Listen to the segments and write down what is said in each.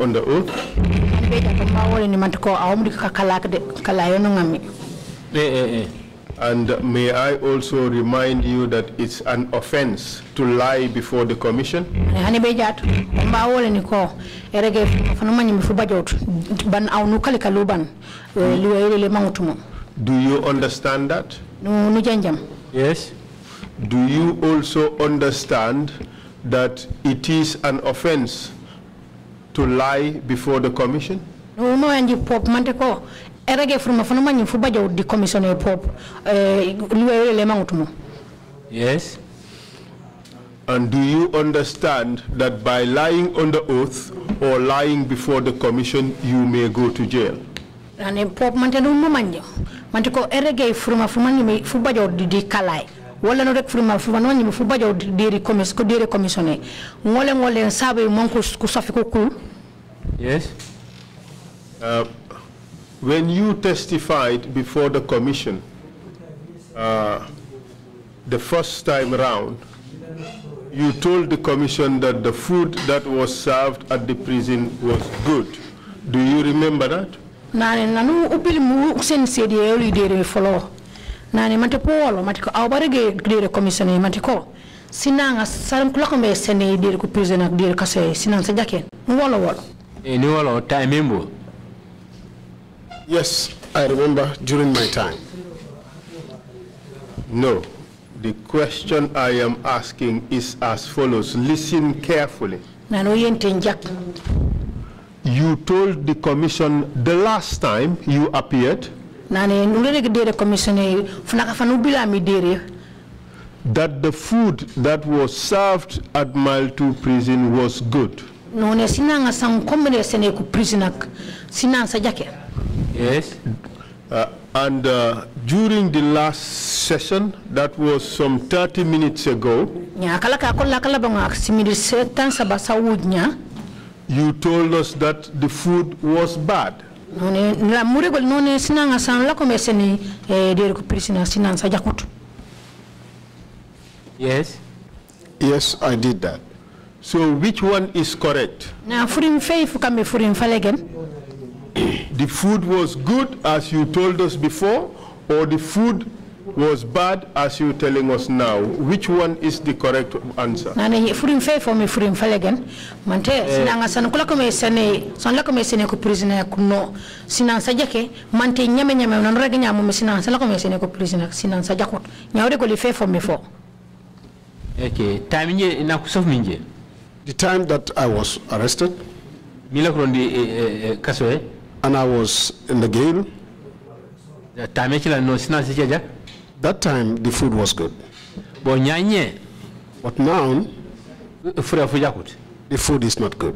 on the oath. And may I also remind you that it's an offense to lie before the commission. Do you understand that? Yes. Do you also understand that it is an offense to lie before the commission? No, and pop from in Fubajo, the commissioner pop. Eh, yes. And do you understand that by lying under oath or lying before the commission, you may go to jail? And pop in Fubajo, the kalai wala no rek fu fu ko ngole ngole sabe mon ko ku ko kul yes uh, when you testified before the commission uh, the first time round you told the commission that the food that was served at the prison was good do you remember that nani mante polo mati dire sinanga kulako sene dire dire sinanga e ni time yes i remember during my time no the question i am asking is as follows listen carefully you told the commission the last time you appeared nane ulere dere commissioner funaka fanu bila mi dere that the food that was served at mile 2 prison was good none sinanga sang komre sene ku prisonak sinan sa jake yes uh, and uh, during the last session that was some 30 minutes ago nya kala ka kolla kala ba ngak simiri setan sa ba sawudnya you told us that the food was bad la ko prisina jakut yes yes i did that so which one is correct na furim fay fu kambe furim falegen the food was good as you told us before or the food was bad as you are telling us now which one is the correct answer nane furim eh. fe fo mi furim falegen mante sinanga san kula ko sene san la sene ko prisoner kuno sinan sajake nyame nyame non reg nyamu mi sene ko prisoner sinan sajako nyawde ko li fe fo okay time nje na minje the time that i was arrested milakrondi eh, eh, kaso and i was in the jail time chila no sinan that time, the food was good. But now, the food is not good.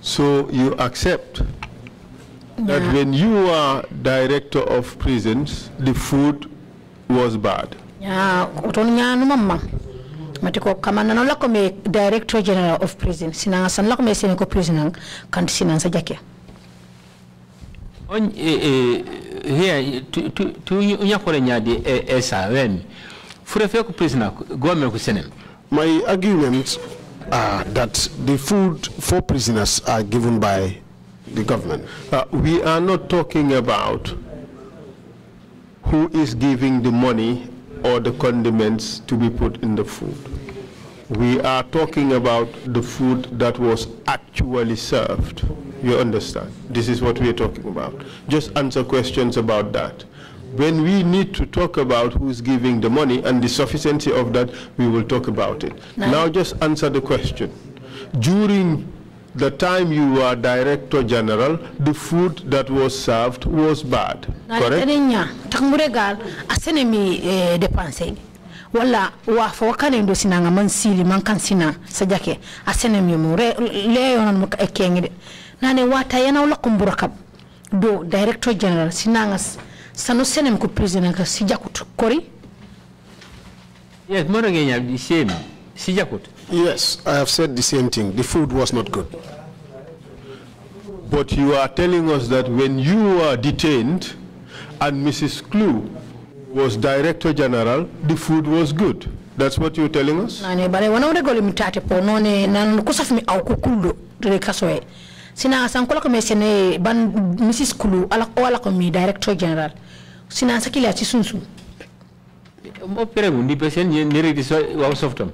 So you accept that yeah. when you are director of prisons, the food was bad. Yeah, matiko kama na lako me director general of prison sinanga san lako me seniko prison kan sinan jakia on, eh, eh, tu eh, eh, tu prisoner senem my argument are that the food for prisoners are given by the government uh, we are not talking about who is giving the money or the condiments to be put in the food we are talking about the food that was actually served you understand? This is what we're talking about. Just answer questions about that. When we need to talk about who's giving the money and the sufficiency of that, we will talk about it. No. Now just answer the question. During the time you were director general, the food that was served was bad, correct? wala wa sinanga mo re nane wata yana la kumbura kab do director general sinangas sano senem ko president ka sijakut kori yes mono ngenya the same sijakut yes i have said the same thing the food was not good but you are telling us that when you were detained and mrs clue was director general the food was good that's what you're telling us nane bare wona wona golimtate po none nan kusafmi aw ko kuldo re kasoe sina ko mesene eh, ban mrs kulu ala ala ko mi director general sina ci sunsu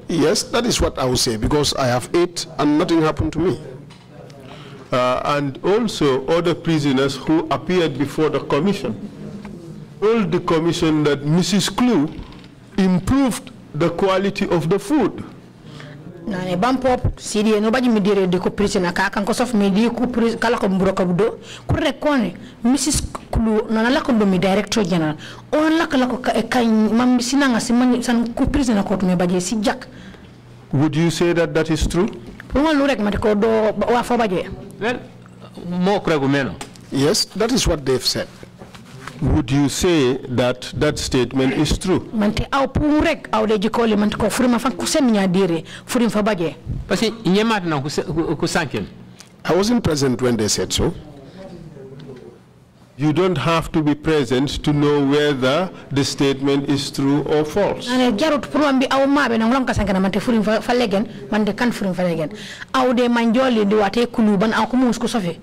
Yes, that is what I would say because I have eight and nothing happened to me. Uh, and also other prisoners who appeared before the commission told the commission that Mrs. Clue improved the quality of the food bam pop no baji mi dire de ko ka kan ko sof mi di ko kala ko ko do ko mrs klu la ko do mi general on la eh, mam sina nga si man san ko ko to mi si jak would you say that that is true rek ma ko do wa fo well mo ko meno yes that is what they've said would you say that that statement is true? au pumrek au leji manti ko furima fan fabaje. na I wasn't present when they said so. You don't have to be present to know whether the statement is true or false. jarut au mabe na manti falegen manti kan falegen. Au de manjoli kuluban au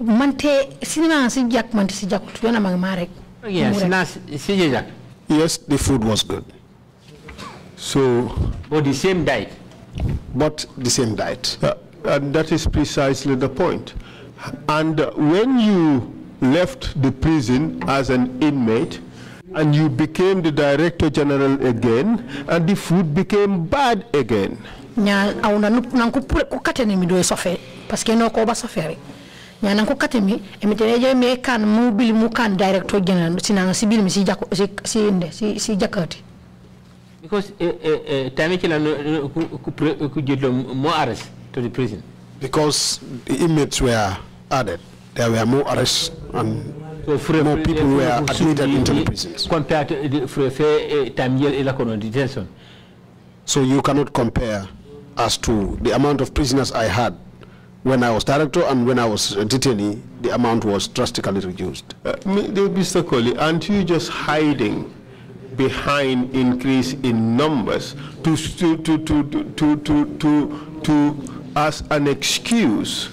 mante cinema si jak mante si jakul tu yana mang marek yes na si jak yes the food was good so but the same diet but the same diet uh, and that is precisely the point point. and uh, when you left the prison as an inmate and you became the director general again and the food became bad again nya awna nanku kukatene mi do sofé parce que no ko ba sofé ko katemi je kan mu kan general si bil mi si si si inde si si because eh, eh, eh time kila no ku ku jidlo more arrests to the prison because the inmates were added there were more arrests and so for more people were admitted into the prisons compared to the for a eh, time la elakono detention so you cannot compare as to the amount of prisoners i had when I was director and when I was detainee, the amount was drastically reduced. Uh, Mr. Coley, aren't you just hiding behind increase in numbers to, to, to, to, to, to, to, to as an excuse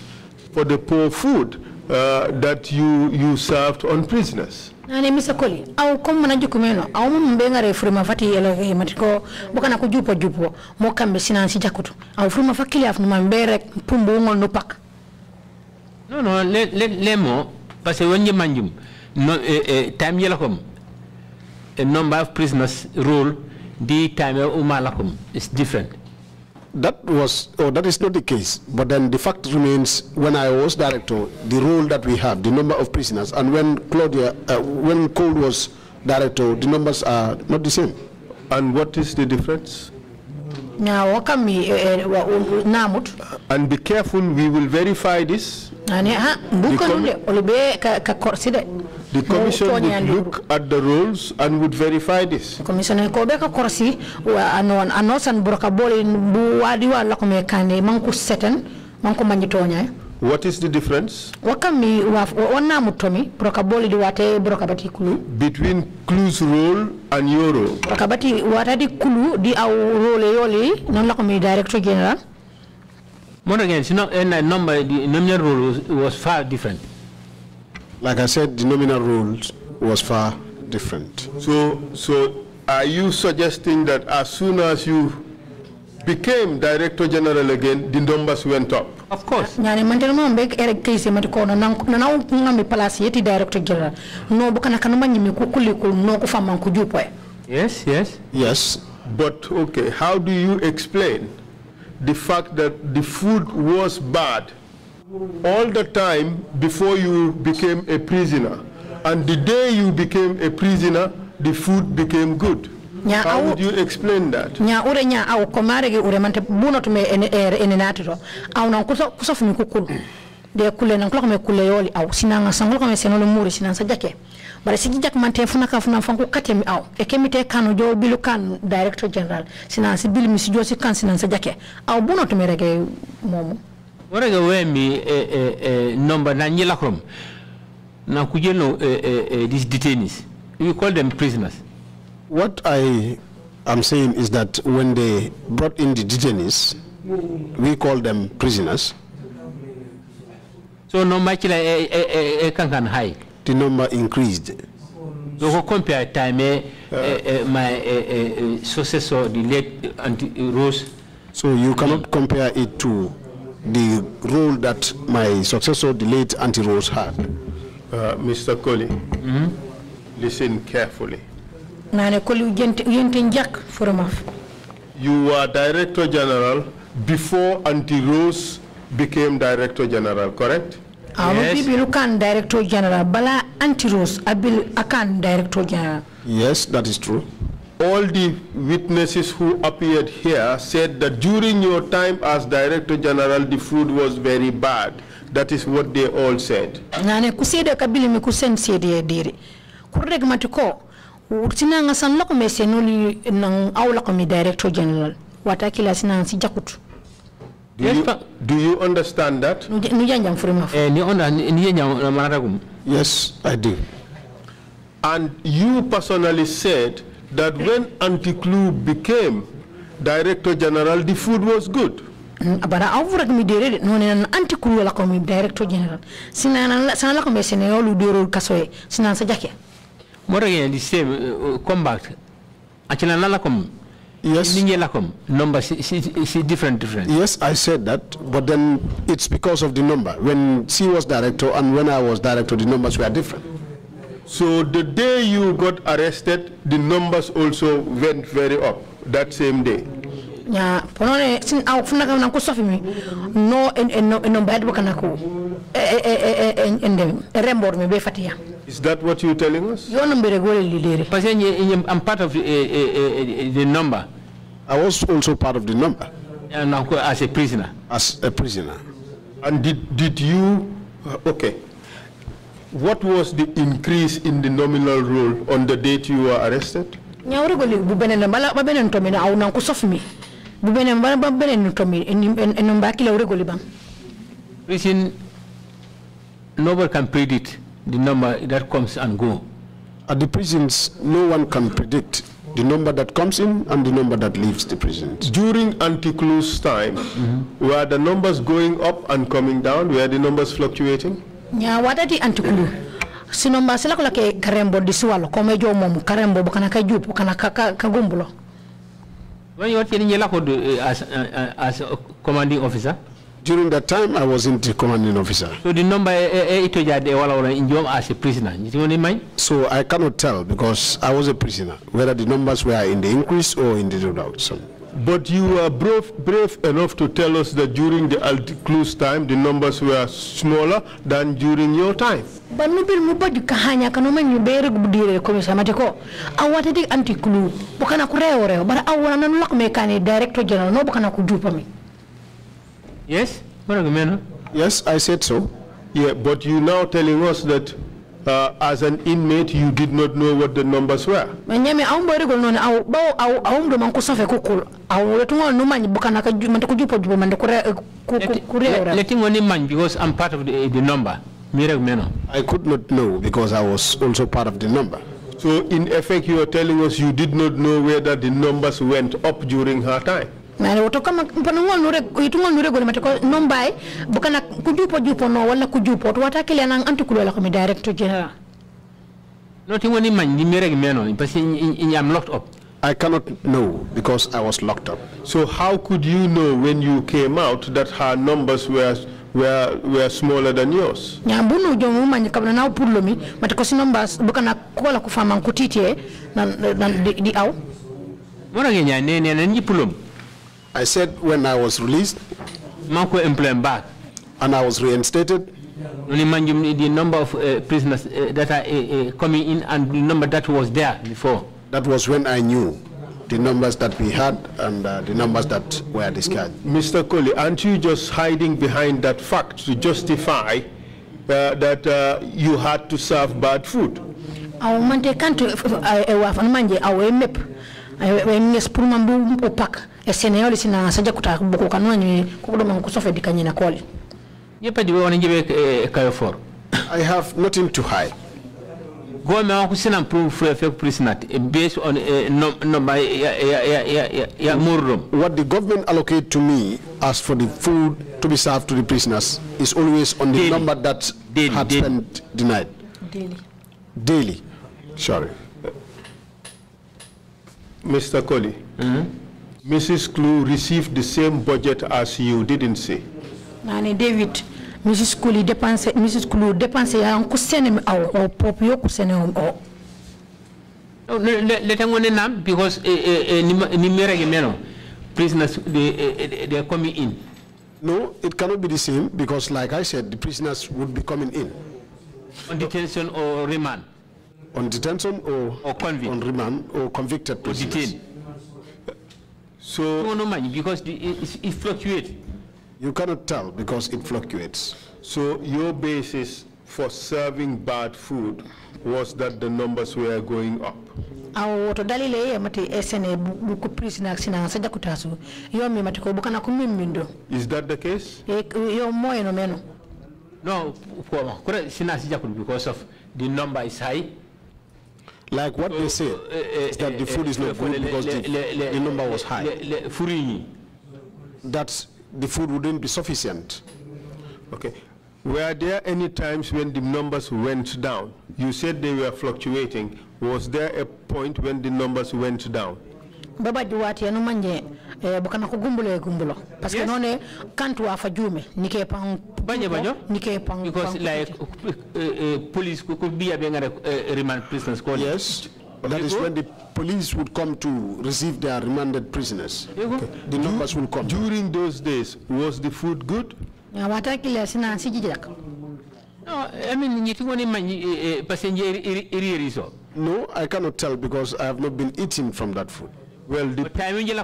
for the poor food uh, that you, you served on prisoners? nane misakoli au kom mana jukumeno au mum be ngare frima fati yelo he matiko bokana ko jupo jupo mo kambe sinansi jakutu au furima fakili af numa be rek pumbu ngol no pak non non le le le mo parce que wonje manjum no eh, eh, tam yelo kom a number of prisoners rule the time umalakum is different That was, or oh, that is not the case. But then the fact remains, when I was director, the role that we have, the number of prisoners, and when Claudia, uh, when Cole was director, the numbers are not the same. And what is the difference? Now, And be careful, we will verify this. The Commission would look at the rules and would verify this. Commissioner ko beka korsi wa anon anosan burka bolin bu wadi wa lakume kande manku seten manku manjitonya. What is the difference? Wakami wana mutomi burka boli diwate burka bati kulu. Between clues role and your role. Burka bati watadi kulu di au role yoli non kome director general. More again, no, and eh, number the nominal role was, was far different. Like I said, the nominal rule was far different. So, so are you suggesting that as soon as you became director general again, the numbers went up? Of course. Yani na na yeti director general. kanuma Yes, yes. Yes. But okay, how do you explain the fact that the food was bad all the time before you became a prisoner. And the day you became a prisoner, the food became good. Nya How would you explain that? Nya ure nya au komare ure mante buno tume enenatiro. Au na kuso kuso fumi kukulu. De kule na kulo kule yoli au sinanga sangolo kame senolo muri sinansa jake. bara si jijak man funa ka funa fanko katemi au. Eke mite kanu jo bilu kan director general sinan si bilu mi si kan sinan sa jake aw buno to merege momo warega wemi number na nyila krom na kujeno these detainees we call them prisoners what i am saying is that when they brought in the detainees we call them prisoners so number chila can kankan high the number increased so ko compare time my successor the late Rose so you cannot compare it to the role that my successor, the late Auntie Rose, had. Uh, Mr. Coley, mm -hmm. listen carefully. You were Director General before Auntie Rose became Director General, correct? Ah, yes. Director General. Bala Antiros Abil Akan Director General. Yes, that is true all the witnesses who appeared here said that during your time as Director General, the food was very bad. That is what they all said. Nane kusede kabili mikusen sede diri. Kurreg matuko. Utina ngasan lako mesenuli nang awla kami Director General. Watakila sina si jakutu. Do yes, you, do you understand that? Eh, yes, I do. And you personally said that when Anticlu became Director General, the food was good. bara avurak mi dere no ne nan antikulu la ko director general sinan I la ko me sene yolu dero the same sa jake mo regen di same combat acina la ko Yes. Number is different, different. Yes, I said that, but then it's because of the number. When she was director and when I was director, the numbers were different. So the day you got arrested, the numbers also went very up that same day. Yeah, ponone sin au funa kana ko sofi mi no en en no en bayad bakana ko e e e en dem rembor mi be fatia is that what you telling us yo nombere gole lidere parce que i'm part of the, eh, eh, eh, the number i was also part of the number and as a prisoner as a prisoner and did did you uh, okay what was the increase in the nominal role on the date you were arrested? ñawre goli bu benen bala ba benen to na aw nan ko sof mi bu benen bala ba benen to can predict the number that comes and go at the prisons no one can predict the number that comes in and the number that leaves the prisons during anti-close time mm -hmm. were the numbers going up and coming down were the numbers fluctuating nya kula ke karembo mom karembo bukana ka jup ka ka, gumbulo when you were nyela ko as uh, as commanding officer during that time i wasn't the commanding officer so the number eh, eh, eh, ito jade wala wala injom as a prisoner you know so i cannot tell because i was a prisoner whether the numbers were in the increase or in the So. But you were brave, brave enough to tell us that during the al time, the numbers were smaller than during your time. But no bil muba di kahanya kanoma nyubere gubdire kumi samate ko. Awate di anti-clue. Bukana kureo reo. Bara awana nanulak mekani director general. No bukana kudupa mi. Yes? Yes, I said so. Yeah, but you now telling us that uh, as an inmate, you did not know what the numbers were. Letting eh, only man because I'm part of the, eh, the number. I could not know because I was also part of the number. So in effect, you are telling us you did not know whether the numbers went up during her time mane woto mpana ngol nure itungol nure gole bukana kujupo jupo no wala kujupo kile director general am locked up I cannot know because I was locked up. So how could you know when you came out that her numbers were were were smaller than yours? Nyambunu jomu manje kabla na matikosi numbers na di au. Mwana I said when I was released. Manko employment back. And I was reinstated. you The number of uh, prisoners uh, that are uh, coming in and the number that was there before. That was when I knew the numbers that we had and uh, the numbers that were discussed. Mr. Coley, aren't you just hiding behind that fact to justify uh, that uh, you had to serve bad food? Eh, eh, eh, mbu kanyina kayofor i have nothing to hide gome based on uh, no, no ya ya ya ya, ya what the government allocate to me as for the food to be served to the prisoners is always on the daily. number that daily. had daily. spent daily daily sorry Mr. Coley, mm -hmm. Mrs. Clue received the same budget as you, didn't she? Nani David, Mrs. Clue depense, Mrs. Clue depense ya kusene au au pop yo kusene au. me ngone nam because eh, eh, eh, ni mera yemeno prisoners they they are coming in. No, it cannot be the same because, like I said, the prisoners would be coming in. On detention or remand on detention or, or convict. on remand or convicted or detained. So no, no, because the, it, it fluctuates. You cannot tell because it fluctuates. So your basis for serving bad food was that the numbers were going up. Is that the case? no because of the number is high like what they say, uh, uh, uh, is that the food is not good because the, the number was high. That the food wouldn't be sufficient. Okay. Were there any times when the numbers went down? You said they were fluctuating. Was there a point when the numbers went down? baba eh, yes pang because like uh, uh, police could be a being a remand prisoners call yes that is when the police would come to receive their remanded prisoners the numbers will come during those days was the food good I mean, you think eh, eh, passenger No, I cannot tell because I have not been eating from that food. Well, the time you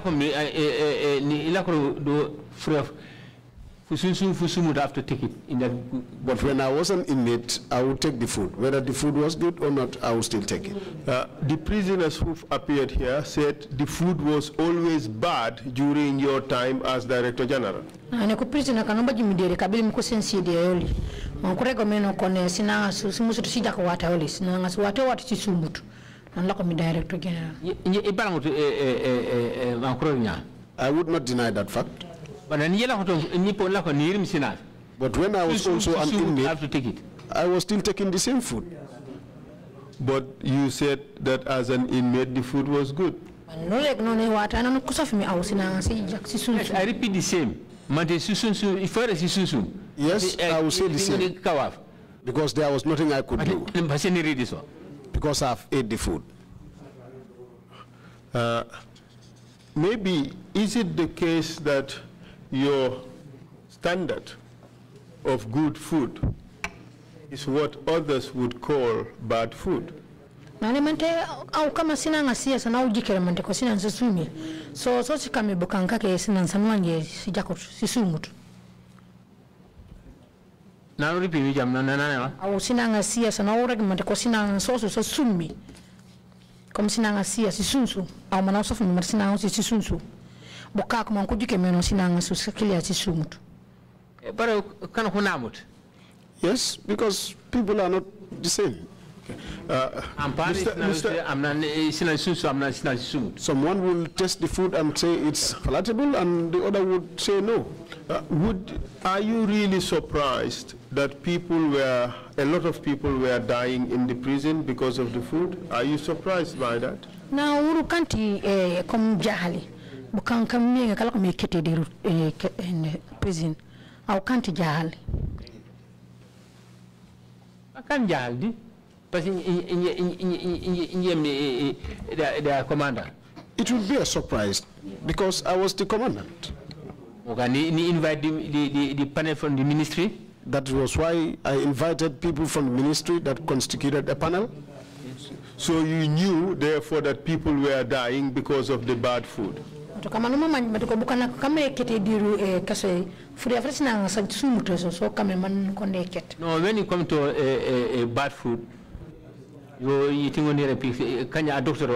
Fusun would have to take it in that. But when I was not in it, I would take the food. Whether the food was good or not, I would still take it. Uh, the prisoners who appeared here said the food was always bad during your time as Director General. Ah, prisoner eh, eh, eh, I would not deny that fact. But when I was also an inmate, have to take it. I was still taking the same food. But you said that as an inmate, the food was good. I Yes, I repeat the same. Yes, eh, I will say the eh, same. Eh, because there was nothing I could do. Because I've ate the food. Uh, maybe is it the case that your standard of good food is what others would call bad food. nalemante au kama sina ng'asiya sana aujikele mante kwa sina nsisumie so so si sikamibukankake sina nsanuanje sijako si tu naruri pibi jam na na na. au sina ng'asiya sana aurege mante kwa sina nsosu so summi comme sina si sisunsu au mana usofu mimar sina ng'osi sisunsu but man ko juke meno sinanga su sakili ati sumutu eh, bara kana ko namut yes because people are not the same uh, eh, Someone will test the food and say it's palatable, and the other would say no. Uh, would, are you really surprised that people were, a lot of people were dying in the prison because of the food? Are you surprised by that? Now, Urukanti, come eh, bukan kam mega kala me kete de eh, eh, prison aw kanti jahal akan jahal di parce in the commander it will be a surprise because i was the commandant okay ni invite the, the, the panel from the ministry that was why i invited people from the ministry that constituted a panel so you knew therefore that people were dying because of the bad food to bukana to so man no when you come to a, a, bad food doctor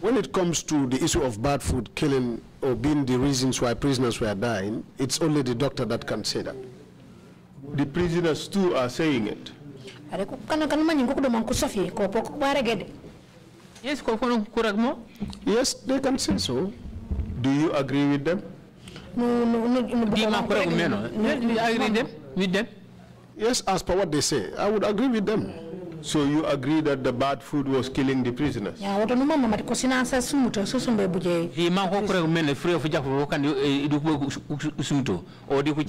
when it comes to the issue of bad food killing or being the reasons why prisoners were dying it's only the doctor that can say that the prisoners too are saying it Yes, yes, they can say so. Do you agree with them? No, no, no. no but I agree, with them, with them? Yes, as per what they say. I would agree with them. So you agree that the bad food was killing the prisoners? Yeah, what no mama ko sinansa sumuto so sumbe buje. Di man ko kure men free of jafu kan du eh, ko sumuto or di ko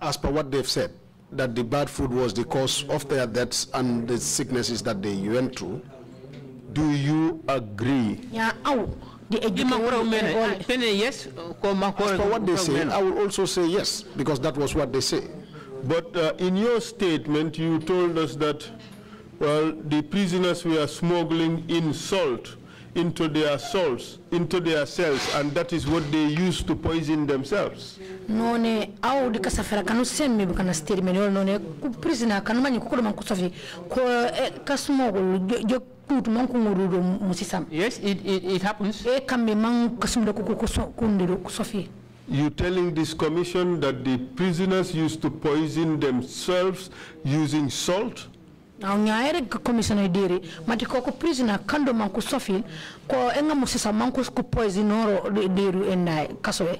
As per what they've said that the bad food was the cause of their deaths and the sicknesses that they went through. Do you agree? Ah, yes. for what they say, I will also say yes, because that was what they say. But uh, in your statement, you told us that, well, the prisoners were smuggling in salt into their souls, into their cells, and that is what they use to poison themselves. No ne, au likasafira kanu semmi bukana statement yolo none ku prisoner kanu manyi kukulu mankusafi ko eh, kasumogulu jo kutu mankungururo musisam yes it, it, it happens e kambe man kasumda kukukundiro kusafi you telling this commission that the prisoners used to poison themselves using salt aw ñaayere commissioner diri mati koko prisoner kando man ko ko enga mo sisa man ko ko diru enday kasowe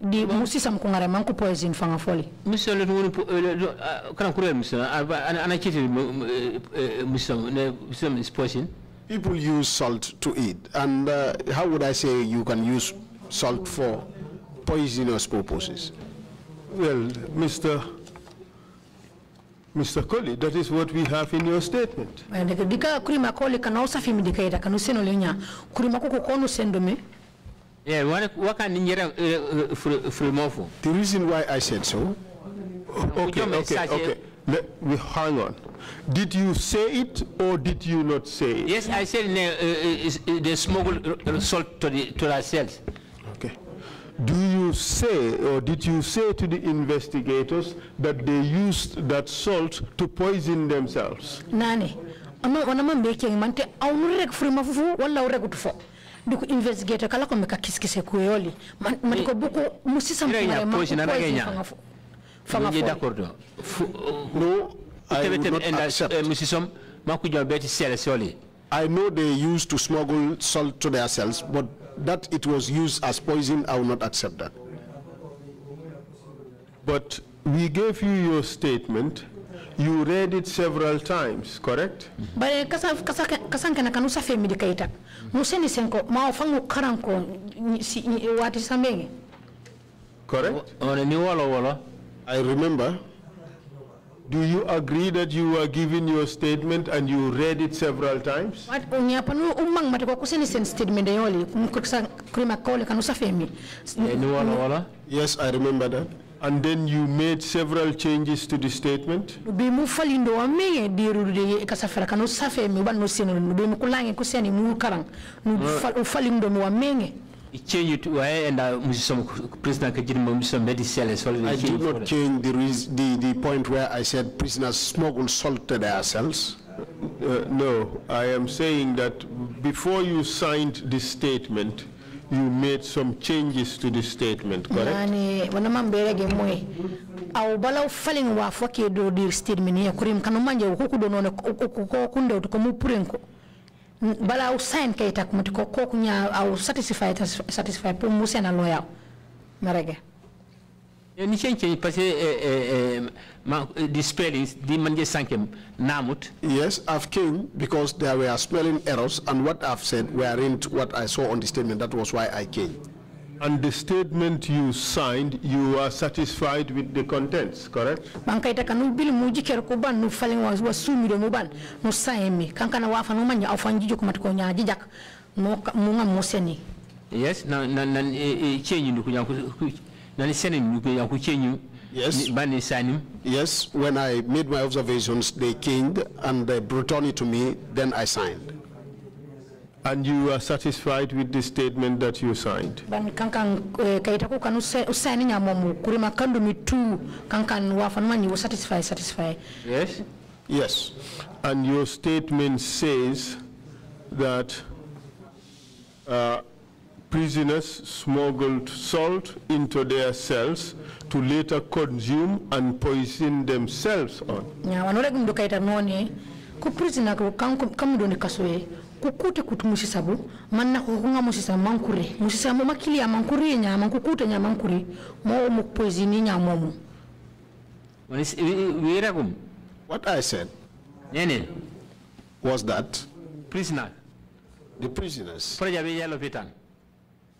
di mo sisa ngare man poison fanga foli monsieur le woni kan kurel monsieur ana ana kiti monsieur ne monsieur poison people use salt to eat and uh, how would i say you can use salt for poisonous purposes well mr Mr. Coley, that is what we have in your statement. Yeah, waka ninyera eh, eh, frimofu. The reason why I said so. Okay, okay, eh? okay. Let me hang on. Did you say it or did you not say it? Yes, I said uh, uh, they smuggled salt to the to ourselves do you say or did you say to the investigators that they used that salt to poison themselves? Nani, ama wanama mbeki mante aunurek frima wala uregutu fo. investigator kala ko meka kiskise kuyoli man ko eh, buku musisa mfumare ma fanga d'accord no i would not accept eh, musisom jom beti sele soli i know they used to smuggle salt to their cells but that it was used as poison, I will not accept that. But we gave you your statement. You read it several times, correct? Bare eh, kasan kasan kana kanu safe mi dikaita. Museni senko maofango ofangu karanko si samenge. Correct? On a new wala wala. I remember do you agree that you were given your statement and you read it several times? Yes, I remember that. And then you made several changes to the statement? Right change it why eh, and uh, prisoner I did not change the, the the point where I said prisoners smuggle salt to themselves. Uh, no, I am saying that before you signed this statement, you made some changes to the statement, correct? wa ke do dir ya kurim kanu manje but I'll sign kaita kumatiko ko kunya I'll satisfy satisfy pour musi na lawyer marege eh, ni change parce que eh, eh, the spellings di manje sankem namut yes I've came because there were spelling errors and what I've said were in what I saw on the statement that was why I came and the statement you signed, you are satisfied with the contents, correct? Bankaita kanu bil muji nu falling was was sumi do muban saemi wafa afanji munga Yes, na na na change ku na ni ku change Yes. Yes, when I made my observations, they came and they brought it to me, then I signed. And you are satisfied with the statement that you signed? Yes? Yes. And your statement says that uh, prisoners smuggled salt into their cells to later consume and poison themselves on manna kukunga mankuri ya mankuri mankuri mo mo what i said nene was that prisoner the prisoners proja be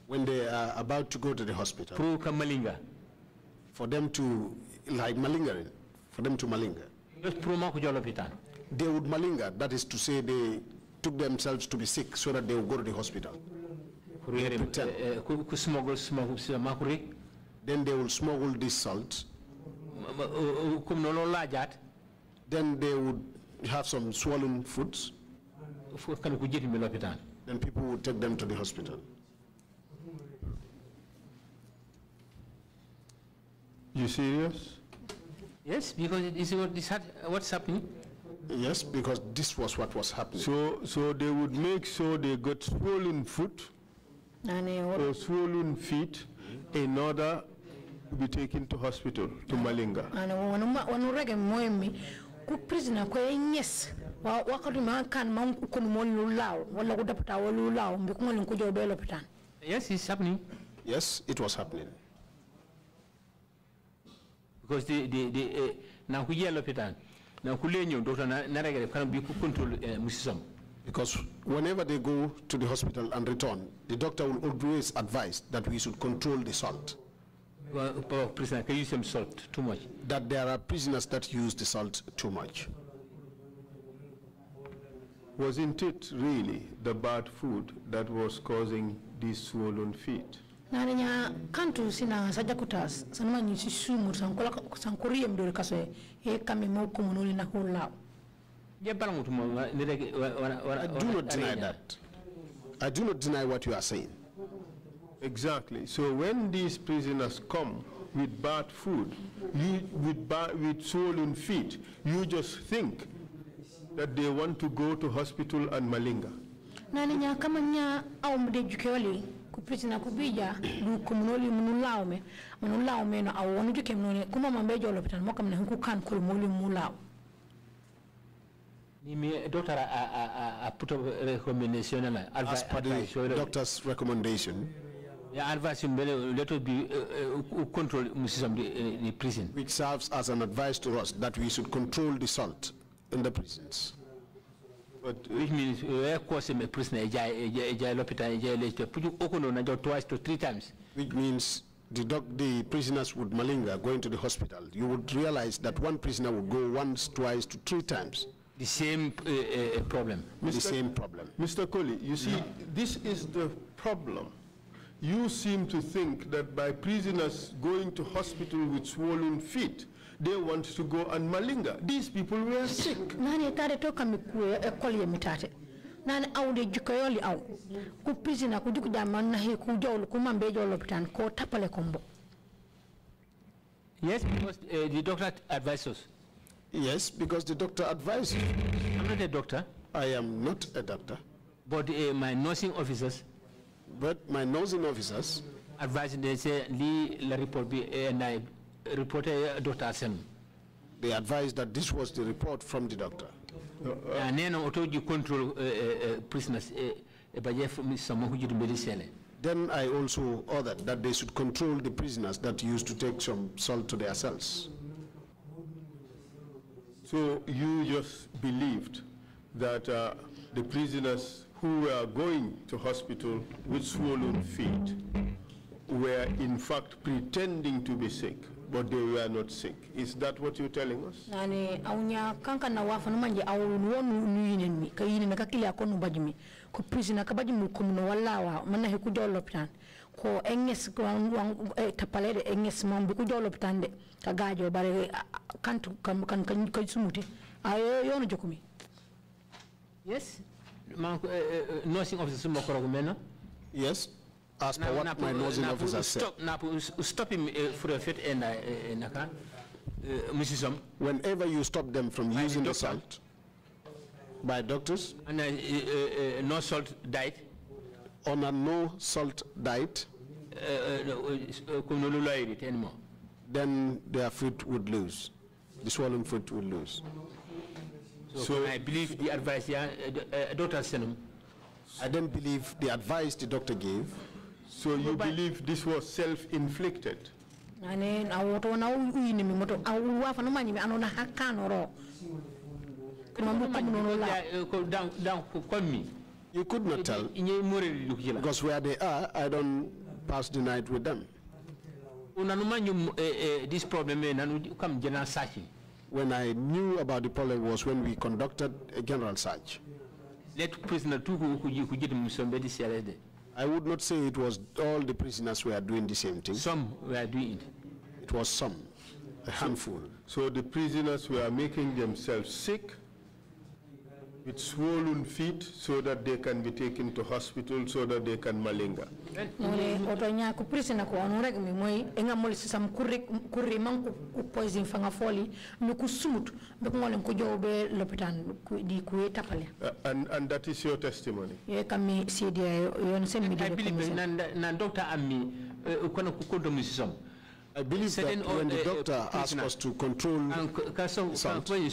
when they are about to go to the hospital pro kamalinga for them to like malinga for them to malinga just pro ma they would malinga that is to say they took themselves to be sick so that they would go to the hospital. Eh, eh, then they will smuggle this salt. Then they would have some swollen foods. Then people would take them to the hospital. You serious? Yes, because this is what this what's happening. Yes, because this was what was happening. So, so they would make sure they got swollen foot uh, or swollen feet in order to be taken to hospital, to Malinga. yes it's happening yes it was happening because the the the uh, eh, na ku je lopitan Eh, because whenever they go to the hospital and return the doctor will always advise that we should control the salt prisoner can use some salt too much that there are prisoners that use the salt too much wasn't it really the bad food that was causing these swollen feet kantu sina saja kutas sanuma nyisi sankola sankuri kaso e mo kumunuli na je I do not deny that I do not deny what you are saying exactly so when these prisoners come with bad food you with bad, with swollen feet you just think that they want to go to hospital and malinga nani nya kama nya au pitina kubija kumunoli munulaw me munulaw me no awoni juke kuma mambe jolo pitan moka mna kan kul muli nimi doctor a a a, a put up recommendation la as per the doctor's recommendation yeah, advice let us be uh, uh control uh, the prison. Which serves as an advice to us that we should control the salt in the prisons which means uh, where cause a prisoner ejai lopitan ejai lejte puju okono na twice to three times. Which means the, doc, the prisoners would malinga going to the hospital. You would realize that one prisoner would go once, twice to three times. The same uh, uh, problem. Mr. The same problem. Mr. Coley, you see, no. this is the problem. You seem to think that by prisoners going to hospital with swollen feet, they want to go and malinga. These people were sick. Nani tare toka mikuwe ekoli eh, ya Nani au de jukoyoli au. Kupizi na kujuku na hii kujolu kumambejo lopitan ko tapale kombo. Yes, because uh, the doctor advised us. Yes, because the doctor advised. I'm not a doctor. I am not a doctor. But uh, my nursing officers. But my nursing officers. Advised they say, Lee, la report be and I reporter eh, doctor Asen, they advised that this was the report from the doctor Then uh, uh, ah, otoji control eh, eh, prisoners then I also ordered that they should control the prisoners that used to take some salt to their cells. So you just believed that uh, the prisoners who were going to hospital with swollen feet were in fact pretending to be sick. but they were not sick. Is that what you're telling us? Nani aunya kanka na wafa na manje au wonu nuyinen mi ka yinen ka kile akonu bajmi ko prisina ka bajmi ko no wala wa mana he ku jollo pitan ko enges ko wan e eh, tapalede enges mom bu ku jollo pitan de ka gajo bare kantu kam kan kan ko sumuti ayo yono jokumi yes man eh, eh, nursing officer sumo ko ko mena yes as per what my said. Whenever you stop them from by using the, the salt by doctors and uh, uh, no salt diet, on a no salt diet, uh, then their food would lose. The swollen food would lose. So, so I believe the advice, yeah, uh, Dr. Senum. I don't believe the advice the doctor gave so you believe this was self-inflicted? you could not tell because where they are i don't pass the night with them this problem when i knew about the problem was when we conducted a general search let prisoner tuko kujit msombedi selede I would not say it was all the prisoners were doing the same thing. Some were doing it. It was some, a handful. So the prisoners were making themselves sick with swollen feet so that they can be taken to hospital so that they can malinga oto nya ku prisina ko rek mi moy mol kurri kurri man poison foli sumut be ko ko jowbe l'hôpital di tapale uh, and and that is your testimony ye kami cdi yon mi di na ammi uh, ko I believe that when the uh, doctor asked us to control something,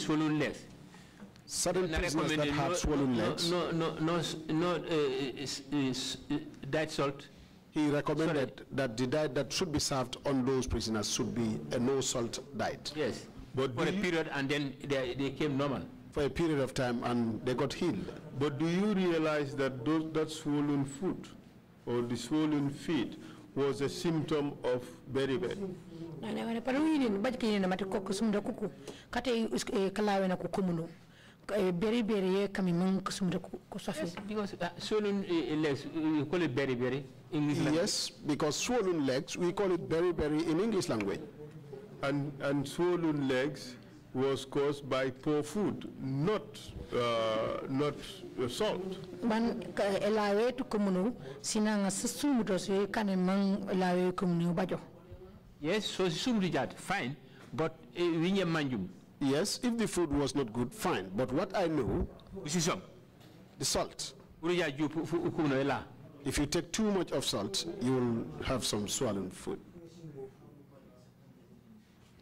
certain prisoners that have no, swollen no, legs. No, no, no, no, uh, is, is, uh, diet salt. He recommended Sorry. that the diet that should be served on those prisoners should be a no salt diet. Yes, but for a period, and then they, they came normal. For a period of time, and they got healed. But do you realize that those, that swollen foot or the swollen feet was a symptom of beriberi? Nana wana paru yini mbati kini na sumda kuku kati eh, kalawe na Eh, berry kami because uh, swollen eh, legs eh, you call it berry berry english language. yes because swollen legs we call it berry berry in english language and and swollen legs was caused by poor food, not uh, not uh, salt. Ban elawe tu kumunu sinanga sesum dosi kane mang elawe bajo. Yes, so sesum fine, but uh, winya manjum. Yes, if the food was not good, fine. But what I know, the salt. If you take too much of salt, you will have some swollen food.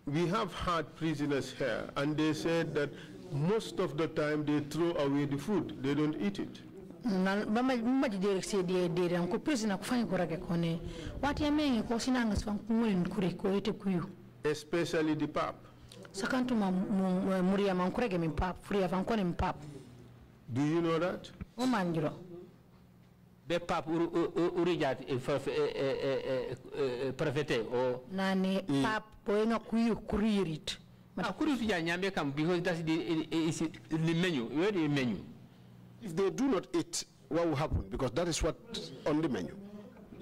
We have had prisoners here, and they said that most of the time they throw away the food. They don't eat it. Especially the pap sakantuma muriyama nkurege mimpap furiyava nkone mimpap do you know that Umangiro. be pap urijat profete o nani mm. pap boenga kuyu kuririt ah kuririt ya nyambe kam because that's the is the menu where the menu if they do not eat what will happen because that is what on the menu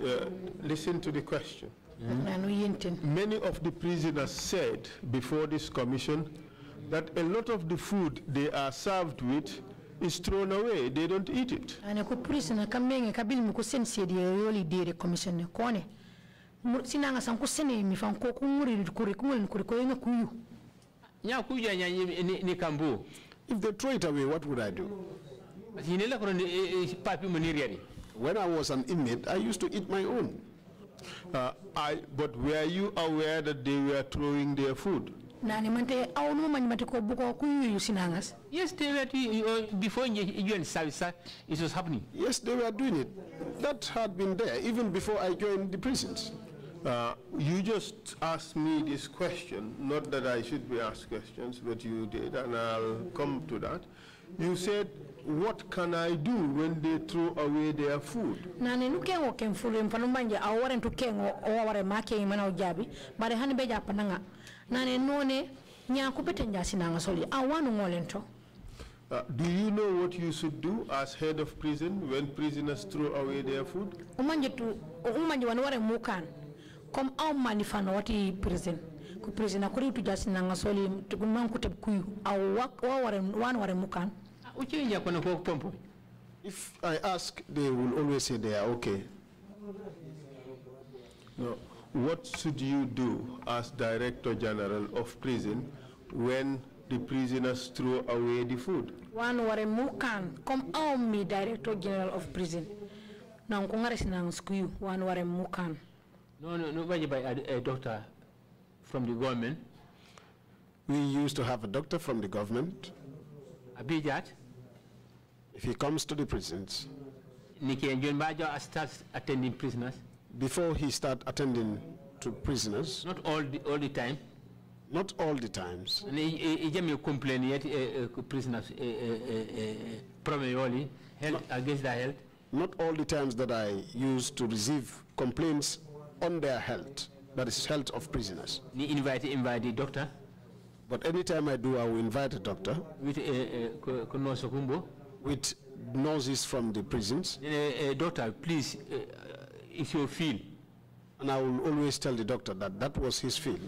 uh, listen to the question Mm-hmm. Many of the prisoners said before this commission that a lot of the food they are served with is thrown away. They don't eat it. If they throw it away, what would I do? When I was an inmate, I used to eat my own. Uh, I, but were you aware that they were throwing their food? Yes, they were it before UN service. It was happening. Yes, they were doing it. That had been there even before I joined the prisons. Uh, you just asked me this question, not that I should be asked questions, but you did, and I'll come to that. You said what can I do when they throw away their food? Nani mfano make imana ujabi bare hani beja pananga nani none soli awanu ngolento Uh, do you know what you should do as head of prison when prisoners throw away their food? Umanje tu umanje wanware mukan kom au manifano wati prison ku prisoner kuri tu soli au wanware mukan if I ask, they will always say they are okay. No. What should you do as Director General of Prison when the prisoners throw away the food? One ware mukan come kom me Director General of Prison. Na ngongare sinang skuyu one ware mukan. No, no, no. By a, a doctor from the government. We used to have a doctor from the government. Abijat if he comes to the prisons, attending prisoners, before he start attending to prisoners, not all the, all the time, not all the times. And he complain yet prisoners primarily held against their health. Not all the times that I used to receive complaints on their health, that is health of prisoners. He invite invite doctor. But anytime I do, I will invite a doctor. With uh, uh, with noises from the prisons. Uh, uh, doctor, please, uh, if you feel. And I will always tell the doctor that that was his feel.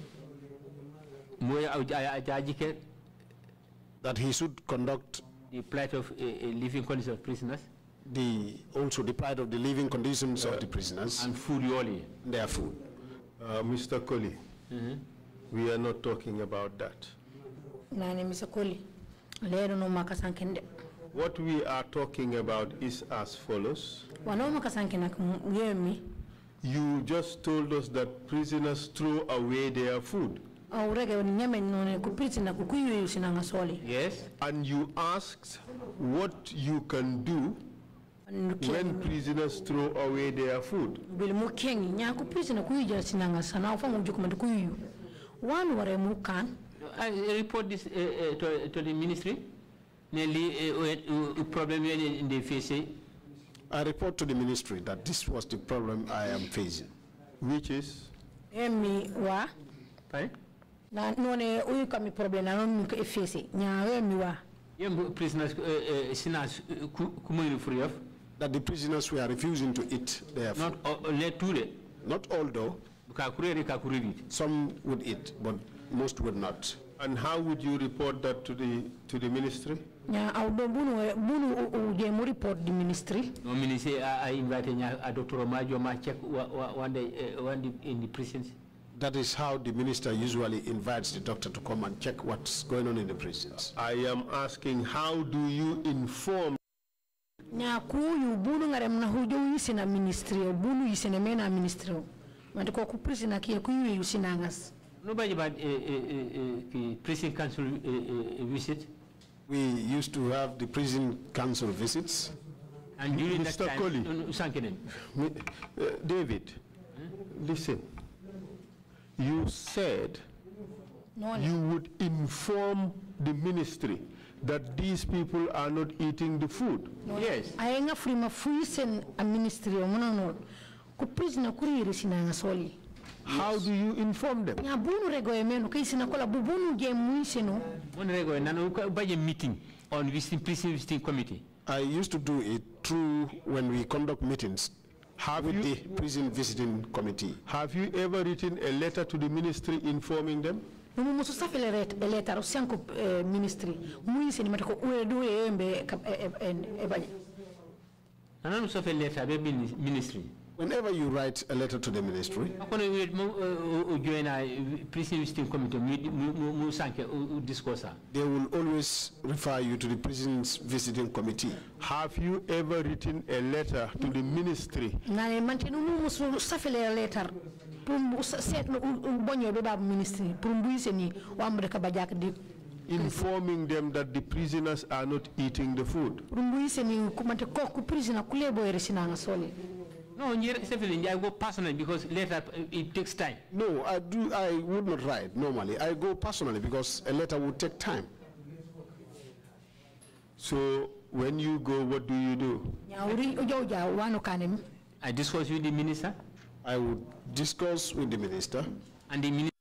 That he should conduct the plight of uh, uh, living conditions of prisoners. The also the plight of the living conditions of the uh, prisoners. And food only. Their food. Mr. Coley, mm -hmm. we are not talking about that. Nani, Mr. Coley, lero no makasankende. What we are talking about is as follows. You just told us that prisoners throw away their food. Oh, yes. And you asked what you can do when prisoners throw away their food. One uh, report this uh, uh, to, to the ministry. I report to the ministry that this was the problem I am facing, which is. Emi wa. Pardon? Eh? Na none uyu kami problem na none mko efesi nyawe mi wa. Yembo prisoners sinas free of. That the prisoners were refusing to eat their food. Not all tule. Not all though. Some would eat, but most would not. And how would you report that to the to the ministry? Eh, report di ministry no a invité a majo ma check eh, in the prisons That is how the minister usually invites the doctor to come and check what's going on in the prisons. I am asking, how do you inform Nobody bunu ngarem na hujo ministry o bunu mena ministry o ku prison ku yu ngas no prison council eh, visit we used to have the prison council visits. And during Mr. that time, uh, David, huh? listen. You said no, you would inform the ministry that these people are not eating the food. Yes. Ayenga free ma free sen a ministry omuno no. Ku prisoner kuriri sinanga soli. How do you inform them? Ya bunu rego emenu kesi nakola bubunu je muiseno. Bunu rego enano ubaje meeting on visiting prison visiting committee. I used to do it through when we conduct meetings have you, the prison visiting committee. Have you ever written a letter to the ministry informing them? Mumu musu a letter usianko ministry. Muisi ni matako uedu eembe ebaje. Nanamu safile letter be ministry. Whenever you write a letter to the ministry, they will always refer you to the prison's visiting committee. Have you ever written a letter to the ministry? informing them that the prisoners are not eating the food. No, Stephanie I go personally because letter uh, it takes time. No, I do. I would not write normally. I go personally because a letter would take time. So when you go, what do you do? I discuss with the minister. I would discuss with the minister. And the minister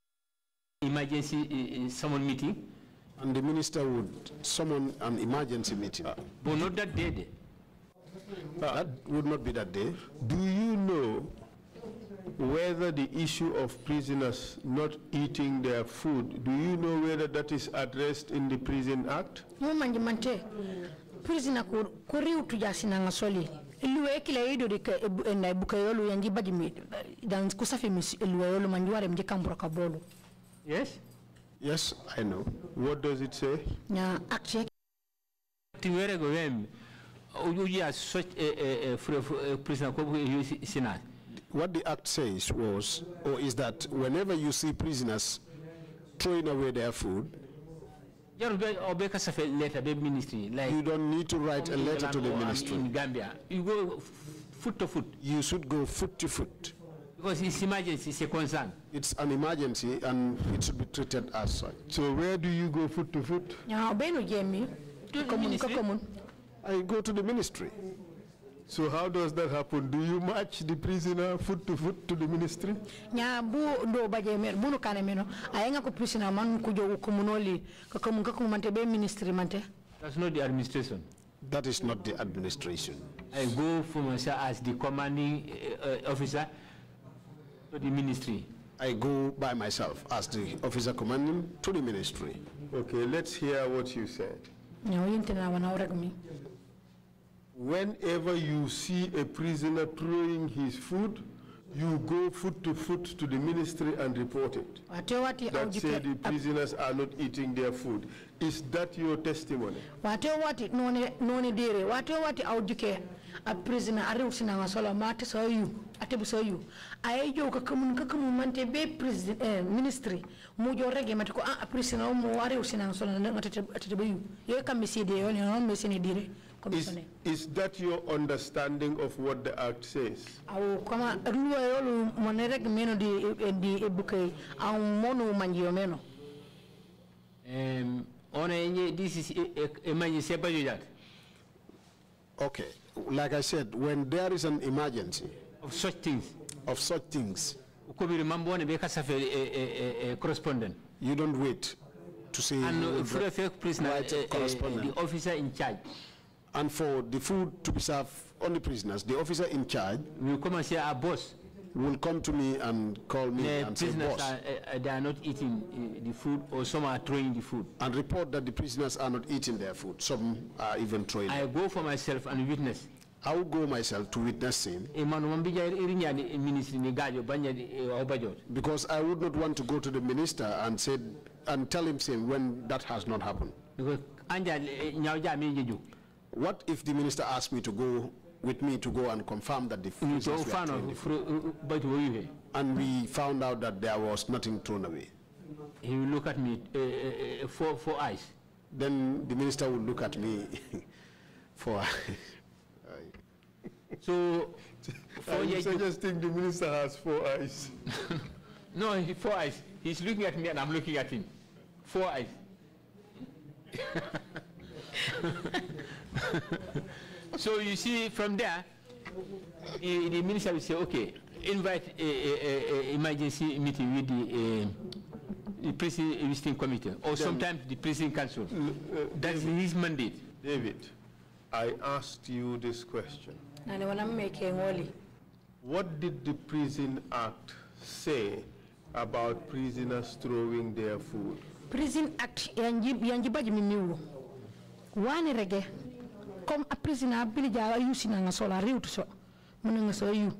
emergency uh, uh summon meeting. And the minister would summon an emergency meeting. Uh, but not that day. Uh, that would not be that day. Do you know whether the issue of prisoners not eating their food, do you know whether that is addressed in the Prison Act? No, manje mante. Prisoner kuriu tujasina ngasoli. Iluwe kila ido deke na ibuka yolu yanji badi mi dan kusafi mis iluwe yolu manjuare mje kambura kabolo. Yes? Yes, I know. What does it say? Na act check. Tiwere go uh, you such a, prisoner What the act says was, or is that whenever you see prisoners throwing away their food, you don't need to write a letter to the ministry. In Gambia, you go foot to foot. You should go foot to foot. Because it's emergency, it's a concern. It's an emergency and it should be treated as such. So where do you go foot to foot? Yeah, Common, I go to the ministry. So how does that happen? Do you match the prisoner foot to foot to the ministry? Nyabu ndo baje mer bunu kane meno. Ayenga ko prisoner man ko jogu ko munoli ko ko ngako mante be ministry mante. That's not the administration. That is not the administration. I go for myself as the commanding uh, officer to the ministry. I go by myself as the officer commanding to the ministry. Okay, let's hear what you said. Nyawu yintena whenever you see a prisoner throwing his food, you go foot to foot to the ministry and report it. That say the prisoners are not eating their food. Is that your testimony? Watewati none none dire watewati audike a prisoner areuti na ngasola you soyu atebu soyu ayejo ka kakamun mante be president ministry mujo rege mate ko a prisoner mo areuti na ngasola ngatete atebu You ye kamisi de yo ne non mesini dire commissioner. Is, is that your understanding of what the act says? Awo kama ruwa yolo monerek meno di di ebuke mono manjio meno. Um, on a this is a emergency that. Okay, like I said, when there is an emergency of such things, of such things, correspondent. You don't wait to see. And uh, the eh, eh, eh, officer in charge and for the food to be served only prisoners, the officer in charge will come and say, our boss will come to me and call me the and prisoners say, boss. Are, uh, they are not eating uh, the food or some are throwing the food. And report that the prisoners are not eating their food. Some are even throwing I go for myself and witness. I will go myself to witness him. Because I would not want to go to the minister and say and tell him same when that has not happened. What if the minister asked me to go with me to go and confirm that the fugitives mm, were thrown uh, uh, And we found out that there was nothing thrown away. He will look at me uh, uh, uh for, for eyes. Then the minister will look at me for So, i I'm suggesting the minister has four eyes. no, four eyes. He's looking at me and I'm looking at him. Four eyes. so you see from there, the minister will say, okay, invite a, a, a emergency meeting with the, uh, president visiting committee or sometimes the president council. Uh, That's David, his mandate. David, I asked you this question. What did the Prison Act say about prisoners throwing their food? Prison Act yanjibaji mimiwo. Wani rege comme a président bili jawa yusinanga sola rewtu so munanga so yu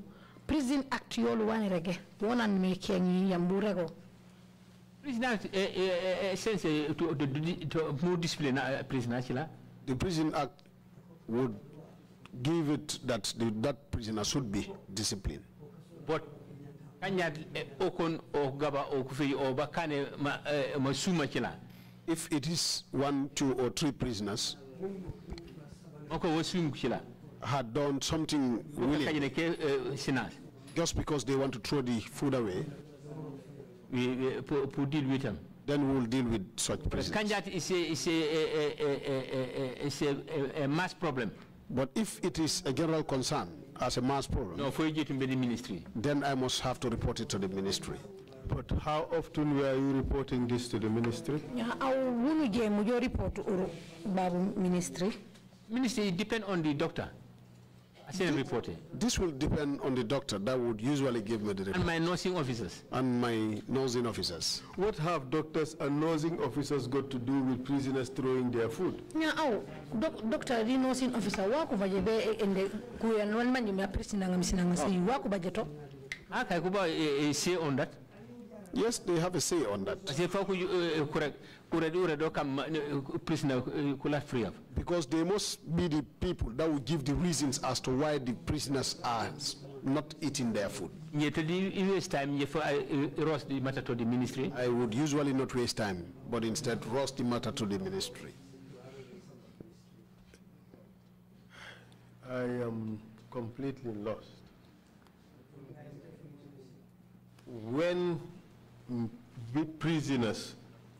prison acte yolu wani rege wana me kengi yambu rego président sense to to more discipline eh, président cila the prison act would give it that the, that prisoner should be disciplined but kanya eh, okon o gaba o kufi o bakane ma eh, suma cila if it is one two or three prisoners had done something eh, just because they want to throw the food away, then we'll deal with such prisons. Kanjat is, a, is a, eh, eh, is a, a, mass problem. But if it is a general concern as a mass problem, no, for you in the ministry, then I must have to report it to the ministry. But how often were you reporting this to the ministry? I will report to the ministry. Minister, it depends on the doctor. I said reporter. This will depend on the doctor that would usually give me the report. And my nursing officers. And my nursing officers. What have doctors and nursing officers got to do with prisoners throwing their food? Yeah, oh, doc doctor, the nursing officer, wako bajebe in eh, the kuyan one man you may say ah. wako bajeto. Haka ah, kuba a eh, eh, say on that. Yes, they have a say on that. I say, correct. Uh, uh, because they must be the people that will give the reasons as to why the prisoners are not eating their food. I would usually not waste time, but instead roast the matter to the ministry. I am completely lost. When prisoners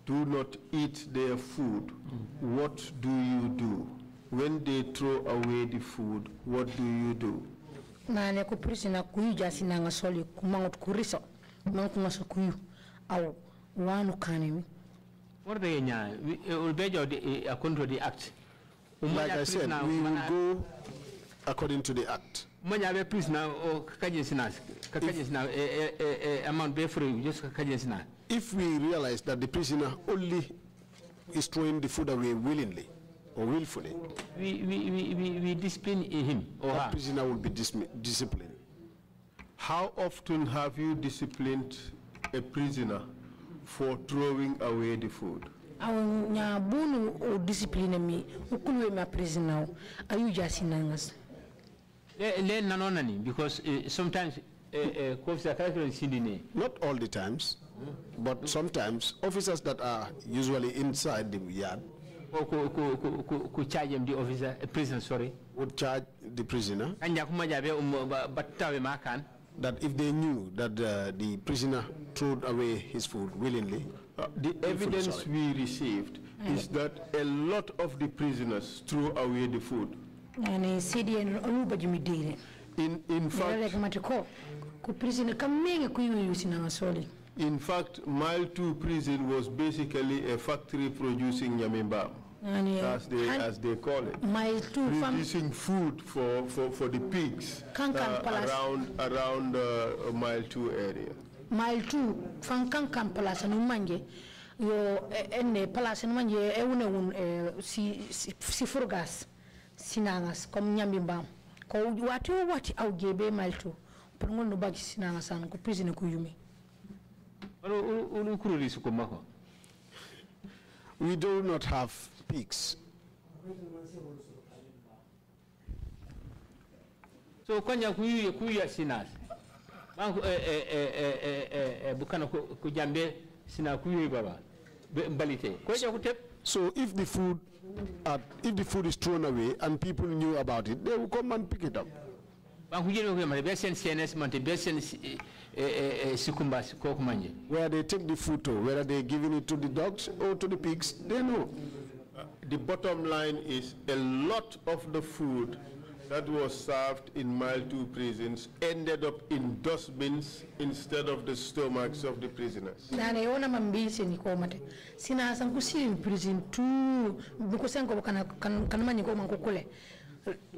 do not eat their food, what do you do? When they throw away the food, what do you do? Nane ko prisina kuyu jasi nanga soli kumangot kuriso mangu ngaso kuyu au wanu kanimi. What they We nya uh, uh, ulbeja uh, according to the act. Like I said, we will go according to the act. Manya prisoner or oh, kajensinas, kajensinas eh, eh, eh, amount be free just kajensinas if we realize that the prisoner only is throwing the food away willingly or willfully, we, we, we, we, we discipline him or that her. prisoner will be dis disciplined. How often have you disciplined a prisoner for throwing away the food? awon nya bunu o discipline mi ukulu ma prisoner ayu no, no, no, because uh, sometimes uh, uh, not all the times but sometimes officers that are usually inside the yard Who charge the officer eh, prison sorry would charge the prisoner um, that if they knew that uh, the prisoner threw away his food willingly uh, uh the evidence we received mm. is that a lot of the prisoners threw away the food uh, in in fact in fact, Mile 2 prison was basically a factory producing Nyamimbam. As they, as they call it. Mile two producing food for, for, for the pigs uh, around, around uh, Mile 2 area. Mile 2, from Kankan Palace and Umanje, your ene Palace and Manje, eune un si, si, si furgas, sinangas, kom Nyamimbam. Ko wati wati au gebe Mile 2, pungol sinangas an, prison kuyumi. We do not have peaks. So sinas. eh eh eh eh eh, eh, eh bukana kujambe sina baba. kutep. So if the food, uh, if the food is thrown away and people knew about it, they will come and pick it up. Eh, eh, eh, Where they take the food oh, whether they're giving it to the dogs or to the pigs, they know. the bottom line is a lot of the food that was served in mile two prisons ended up in dustbins instead of the stomachs of the prisoners.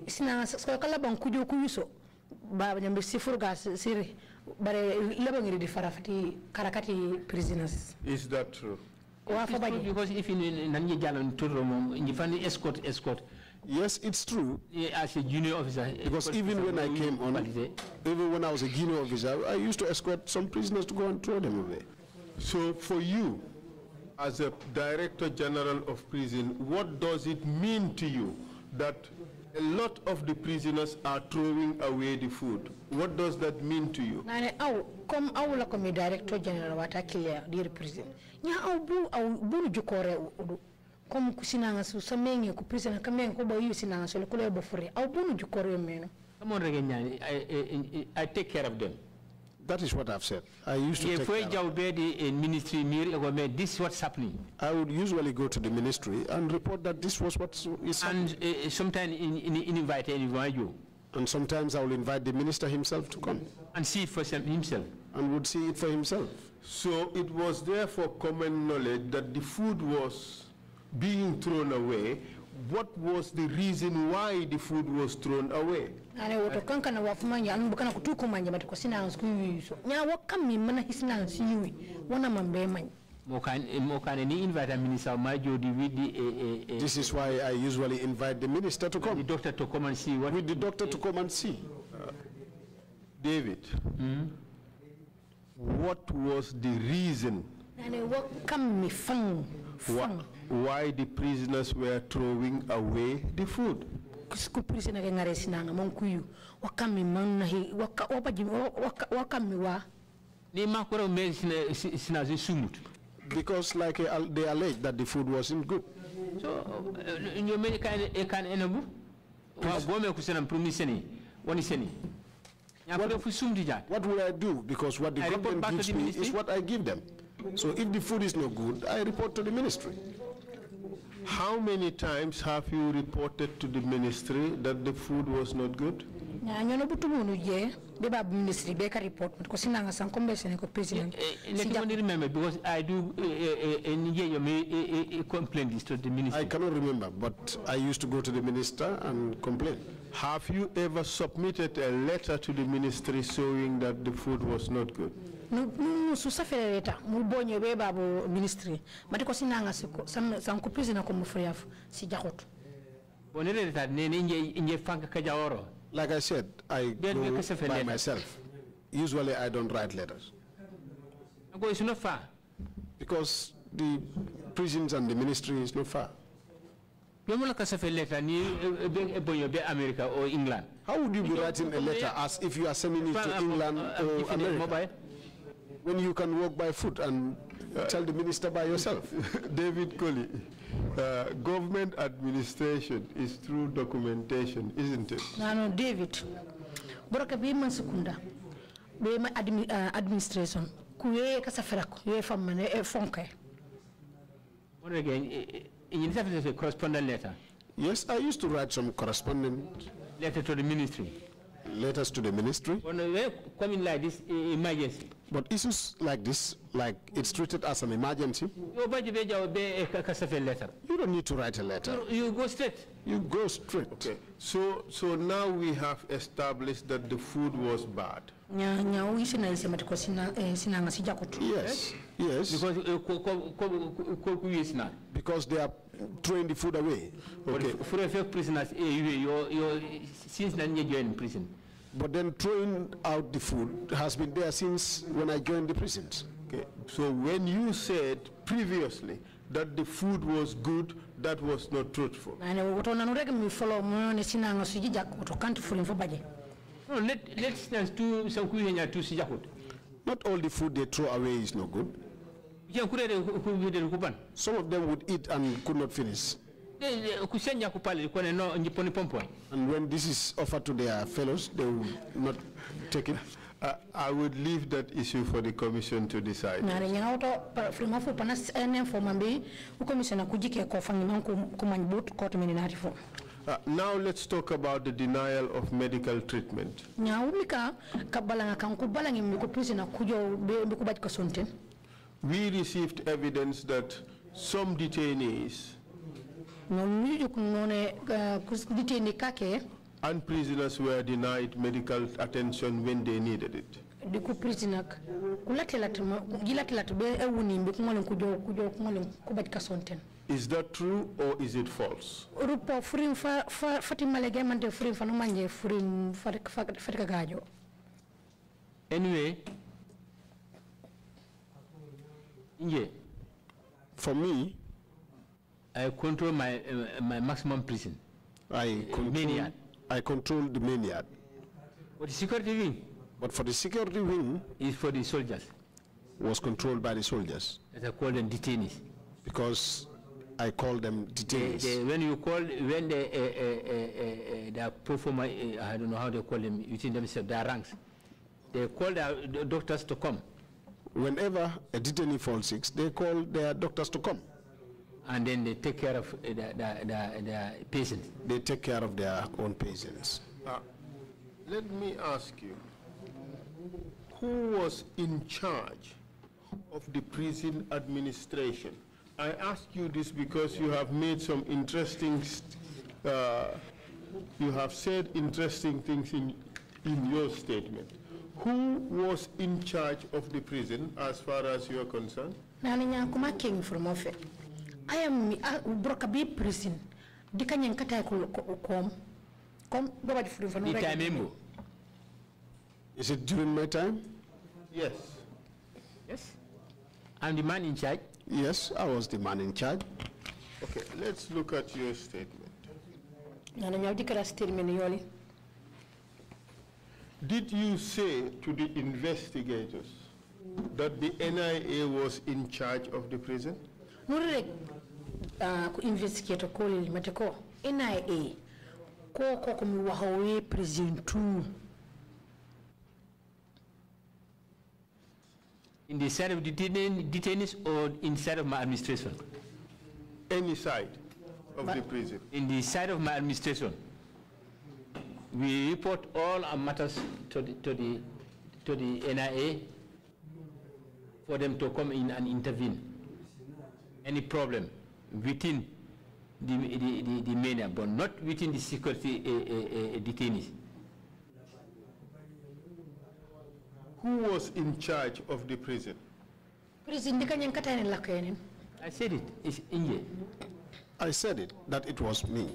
Sina prison baba nyambi siri bare labangiri di karakati prisoners is that true because if you nan ye jalan tudro mom escort escort Yes, it's true. Yeah, as a junior officer. Because even when I came on, even when I was a junior officer, I used to escort some prisoners to go and throw them away. So for you, as a Director General of Prison, what does it mean to you that a lot of the prisoners are throwing away the food. What does that mean to you? kom au la komi director general wata kilia prison. Nya au bu au bu jukore kom kusinanga su samengi ku prison kamen ko boyu sinanga so kule bofure au bu jukore meno. Come on again, I, I, I take care of them. That is what I've said. I used to take eh, eh, This is what's happening. I would usually go to the ministry and report that this was what is happening. And uh, sometimes in, in, in invite you. And sometimes I will invite the minister himself to come. And see it for himself. And would see it for himself. So it was therefore common knowledge that the food was being thrown away what was the reason why the food was thrown away? wafumanya kutuku manja sina yuso nya wakami mana hisina wana mambe manja this is why I usually invite the minister to come. The doctor to come and see what. With the doctor to come and see. Uh, David, hmm? what was the reason? What, why the prisoners were throwing away the food. ku prisoner ke ngare sinanga monkuyu wakami manahi. he wapaji wakami wa ni makoro me sinazi sumut because like uh, they allege that the food wasn't good so uh, nyo me kan e kan eh, enabu wa gome kusena promiseni woni seni what, what will I do? Because what the government gives me is what I give them. So if the food is no good, I report to the ministry. How many times have you reported to the ministry that the food was not good? remember because i do eh, eh, eh, complain this to the minister i cannot remember but i used to go to the minister and complain have you ever submitted a letter to the ministry showing that the food was not good nususaferereta mubonye webabo ministry matiko sinanga siko sankupizi na kumufuriafu sijakutu bonerereta nene inje fanga kajaworo like i said i go by myself usually i don't write letters go is not far because the prisons and the ministry is not far eh, eh, how would you be writing a letter as if you are sending it to England uh, uh, or when you can walk by foot and uh, tell the minister by yourself. David Colley, uh, government administration is through documentation, isn't it? No, no, David. Boraka be mansukunda. Be uh, administration. kuwe kasafirako. kuwe famane e eh, fonke. What again? You sent a correspondent letter. Yes, I used to write some correspondent letter to the ministry letters to the ministry. Coming like this emergency. But issues like this, like it's treated as an emergency. Eh, you don't need to write a letter. You, you go straight. You go straight. Okay. So, so now we have established that the food was bad. Eh, yes yes because eh, ko ko because they are throwing the food away okay for effect, prisoners eh you you since then you join prison but then throwing out the food has been there since when I joined the prisons okay so when you said previously that the food was good that was not truthful and what on anurega mi follow mo ne sina ngasija kutu can't full for budget no, let, let's do some Not all the food they throw away is not good. Some of them would eat and could not finish. And when this is offered to their fellows, they will not take it. I would leave that issue for the commission to decide. Uh, now let's talk about the denial of medical treatment. We received evidence that some detainees uh, and prisoners were denied medical attention when they needed it. Is that true or is it false? Anyway, yeah. For me, I control my uh, my maximum prison. I uh, control. I control the maniac. But the security wing. But for the security wing. Is for the soldiers. Was controlled by the soldiers. As I call them detainees. Because I call them detainees. The, the, when you call, when the, uh, eh, uh, eh, uh, eh, the performer, I don't know how they call them, within themselves, their ranks, they call their the doctors to come. Whenever a detainee falls sick, they call their doctors to come. And then they take care of the, the, the, patients. They take care of their own patients. Uh, let me ask you, who was in charge of the prison administration? I ask you this because you have made some interesting, uh, you have said interesting things in, in your statement. Who was in charge of the prison as far as you are concerned? king from I am uh, Brokabi prison. Dikanyankata kom. The time Is it during my time? Yes. Yes. I'm the man in charge. Yes, I was the man in charge. Okay, let's look at your statement. Did you say to the investigators that the NIA was in charge of the prison? Ah, investigator kolil NIA ko ko wahawe prison too. in the side of the detainees or inside of my administration? Any side of the prison. In the side of my administration. We report all our matters to the, to the, to the NIA for them to come in and intervene. Any problem within the, the, the, the mania, but not within the security uh, uh, uh, detainees. Who was in charge of the prison? Prison I said it. It's Inge. I said it, that it was me.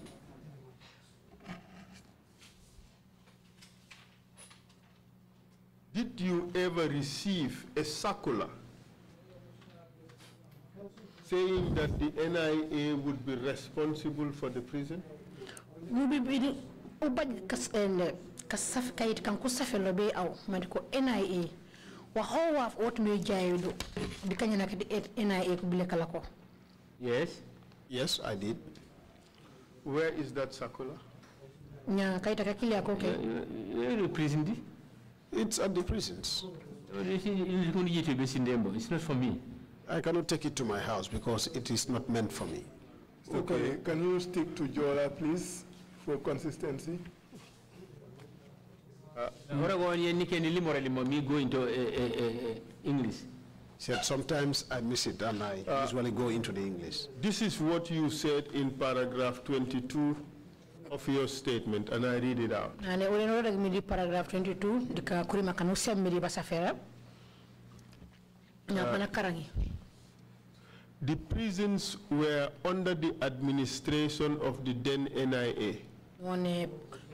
Did you ever receive a circular saying that the NIA would be responsible for the prison? ka yitkan ku safelo be aw mandi ko NIA wa ho wot me jayedo di kanyana ka di NIA ko bile kala ko yes yes i did where is that circular nya ka ko ke the prison di it's at the prisons it's not for me i cannot take it to my house because it is not meant for me okay, okay. can you stick to jola please for consistency uh, uh, uh, English. Said sometimes I miss it and I uh, usually go into the English. This is what you said in paragraph 22 of your statement, and I read it out. paragraph 22 the prisons were under the administration of the then NIA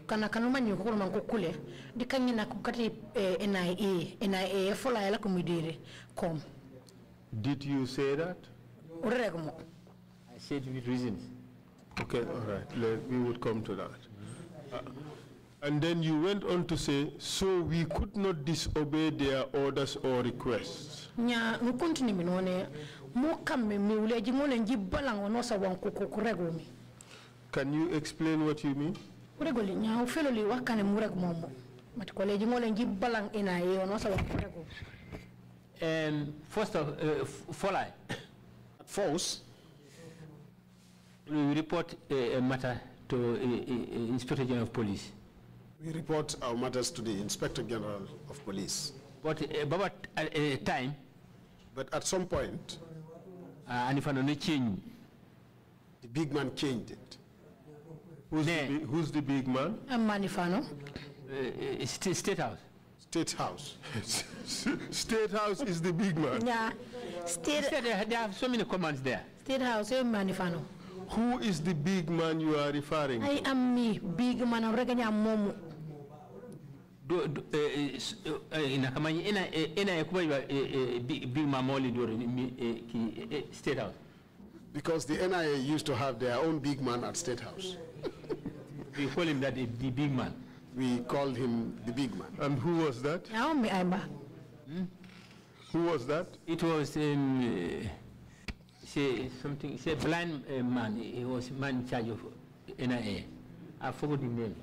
kana ko kule di kanyi na kukati eh, NIA NIA fola kom Did you say that? Uregmo. I said with reasons. Okay, all right. Let, we would come to that. Uh, and then you went on to say, so we could not disobey their orders or requests. Nya nukuntini minone mukame miuleji ngone njibalango nosa wankukukurego mi. Can you explain what you mean? ina um first of uh, folai false we report a, uh, a matter to a, uh, uh, inspector general of police we report our matters to the inspector general of police but uh, but at time but at some point uh, and if i don't change the big man changed it Who's, the, big, who's the big man? I'm Manifano. Uh, eh, eh, State House. State House. State House is the big man. Yeah. State, State uh, they have so many commands there. State House, I'm eh, Manifano. Who is the big man you are referring I to? I am me, big man. I'm Momu. do big man moli do ki state house because the NIA used to have their own big man at state house we call him that the big man. We called him the big man. And who was that? Naomi Aiba. Hmm? Who was that? It was um, uh, say something. Say blind uh, man. He was man in charge of NIA. I forgot the name.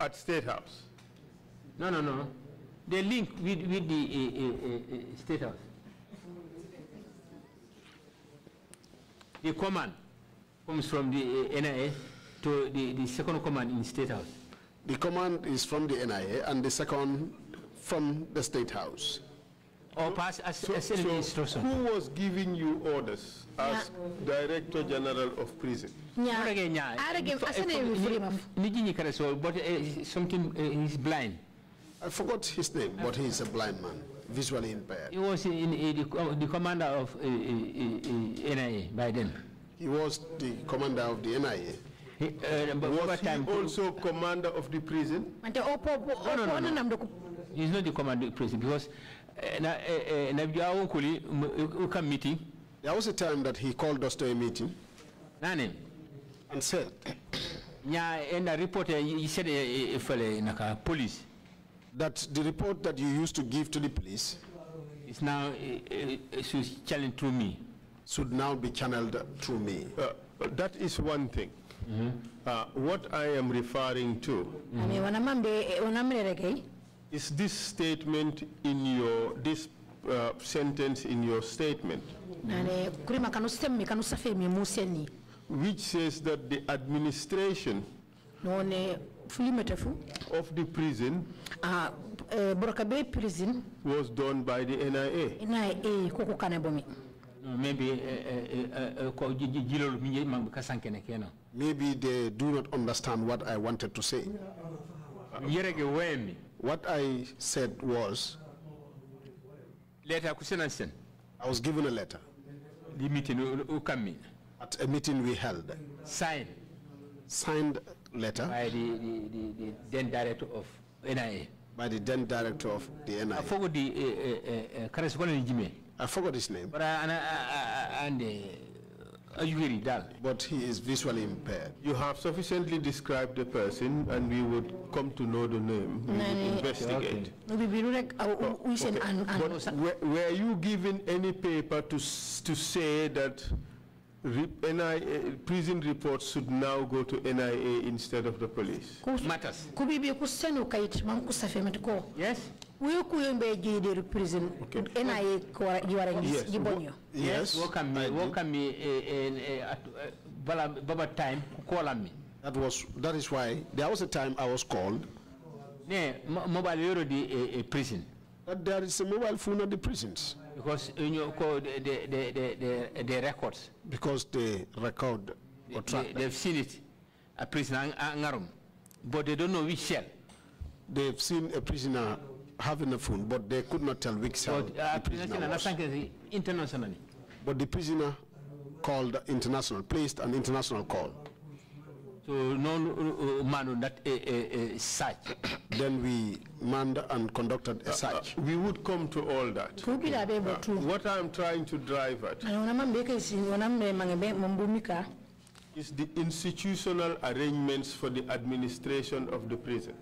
At State House. No, no, no. They link with with the uh, uh, uh, uh State House. The command comes from the uh, eh, NIA to the, the second command in State House? The command is from the NIA and the second from the State House. Or pass as, so, as so Who was giving you orders as yeah. Director General of Prison? Yeah. But uh, something uh, he's blind. I forgot his name, but he's a blind man visually impaired. He was in, the, uh, the, commander of uh, NIA by then. He was the commander of the NIA. He, uh, was he also commander of the prison? No, no, no, no. He's not the commander of the prison because uh, uh, uh meeting. There was a time that he called us to a meeting Nani? and said, yeah, and a report, uh, he said, uh, police. That the report that you used to give to the police is now uh, challenged through me should now be channeled through me. Uh, that is one thing. Mm -hmm. uh, what I am referring to mm-hmm. eh, is this statement in your, this uh, sentence in your statement, which says that the administration eh, of the prison uh, was done by the NIA. NIA maybe eh, eh, eh, maybe they do not understand what I wanted to say. What I said was letter I was given a letter. meeting at a meeting we held. Signed. Signed letter by the, the, the, the then director of NIA. By the then director of the NIA. I forgot his name. But I, and, I, and uh, uh, uh, uh Ajuri But he is visually impaired. You have sufficiently described the person, and we would come to know the name. We would investigate. Okay. But were, were you given any paper to to say that? NIA, prison reports should now go to NIA instead of the police. Matters. Yes wuyo kuyo mbe jeyde reprisine ena ye jiwara jibonyo yes Welcome me. Welcome me. Eh, eh, eh, bala baba time me. that was that is why there was a time i was called ne mobile yoro di a prison But there is a mobile phone at the prisons because you know called the the the the, the records because they record or track they, they've seen it a prisoner ngarum but they don't know which cell they've seen a prisoner having a phone, but they could not tell which side. But uh, the internationally. But the prisoner called international, placed an international call. So no uh, man that a, a, a search. then we manned and conducted a search. Uh, uh, we would come to all that. what I'm trying to drive at is the institutional arrangements for the administration of the prison.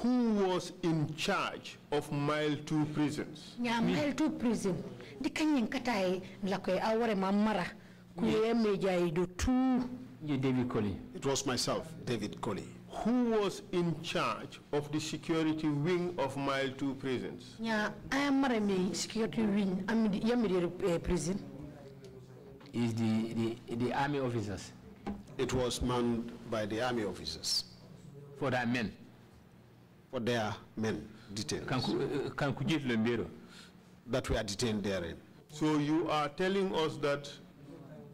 Who was in charge of Mile 2 prisons? Ya Mile 2 prison. Di kanyen katai lakwe awore mamara kuyeme jaye the two. You David Colley. It was myself, David Colley who was in charge of the security wing of Mile 2 prisons? Yeah, I am a security wing. I'm the uh, prison. Is the, the, the army officers? It was manned by the army officers. For their men? For their men, detained. Eh, that we are detained therein. So you are telling us that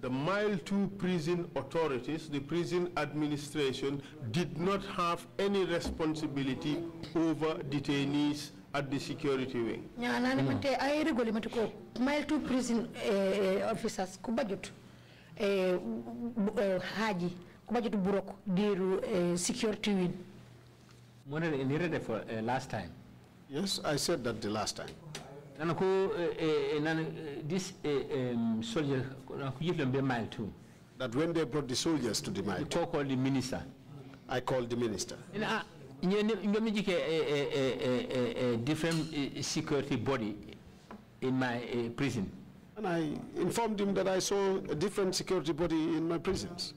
the Mile 2 prison authorities, the prison administration, did not have any responsibility over detainees at the security wing. No. Hmm. Mile 2 prison uh, officers, kubajut, eh, haji, kubajut burok, diru security wing. When for you last time? Yes, I said that the last time nana ko eh, eh, eh, this soldier ko yiflam be mile too that when they brought the soldiers to the mine I called the minister i called the minister ngam jike a different security body in my prison and i informed him that i saw a different security body in my prisons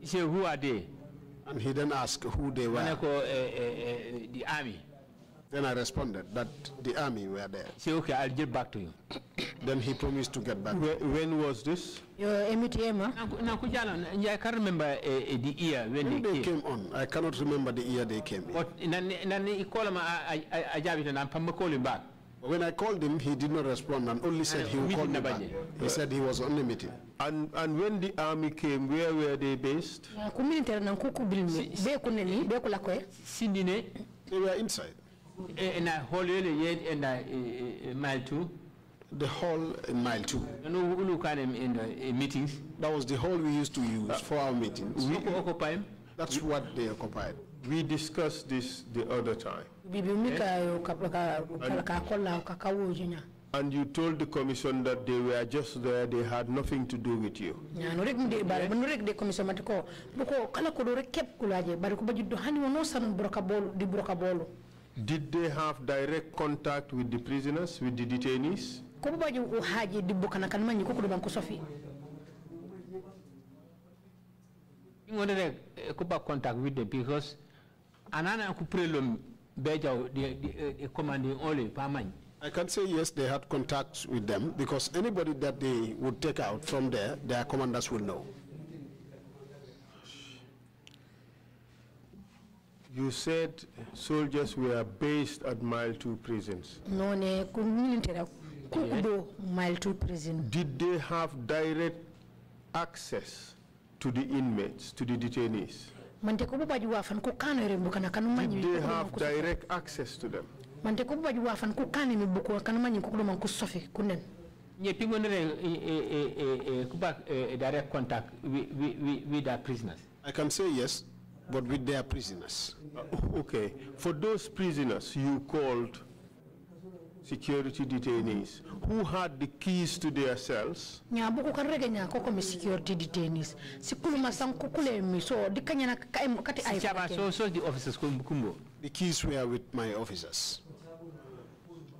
he said who are they and he then asked who they were the army then I responded that the army were there. said, okay, I'll get back to you. then he promised to get back. When, when was this? Your MTM, huh? I can't remember eh, eh, the year when, when they, they came. came. on. I cannot remember the year they came in. But I called him, I jab it and I'm calling back. When I called him, he did not respond and only said he would call me back. He said he was on the meeting. And, and when the army came, where were they based? They were inside. And a whole yet and mile two. The hall in eh, mile two. No, look at them in the eh, meetings. That was the hall we used to use uh, for our meetings. We occupy. That's we, what they occupied. We discussed this the other time. And, eh? and you told the commission that they were just there, they had nothing to do with you. Yes. Did they have direct contact with the prisoners, with the detainees? kubaji uhaji dibuka na kanmanyi kukuluba nkusofi ngone uh, kuba contact with them because anana kuprelom beja the uh, commanding only pamanyi I can say yes, they had contacts with them because anybody that they would take out from there, their commanders will know. You said soldiers were based at Mile 2 prisons. No, ne Mile 2 prison. Did they have direct access to the inmates, to the detainees? Did they have direct access to them? direct contact with, with, with, with the prisoners. I can say yes but with their prisoners. Uh, okay. For those prisoners you called security detainees, who had the keys to their cells? Nyabuku karege nyako mi security detainees. sang Sikulu mi so miso, kanya na kaimu kati aifu. Sichaba, so, so the officers kumbo? The keys were with my officers.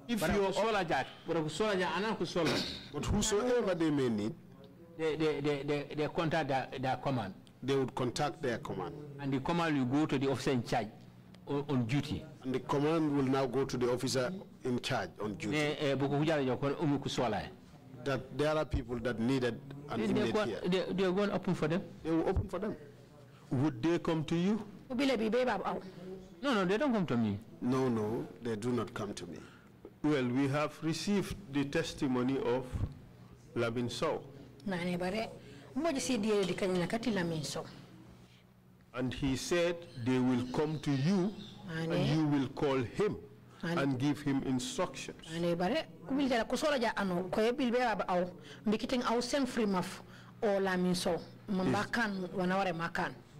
If you are but who whosoever they may need, they, they, they, they, they contact their, their command they would contact their command. And the command will go to the officer in charge on, on duty. And the command will now go to the officer in charge on duty. Eh, that there are people that needed an they, immediate here. They, they are going open for them. They will open for them. Would they come to you? No, no, they don't come to me. No, no, they do not come to me. Well, we have received the testimony of Labin Saul. And he said they will come to you and you will call him and give him instructions. Is,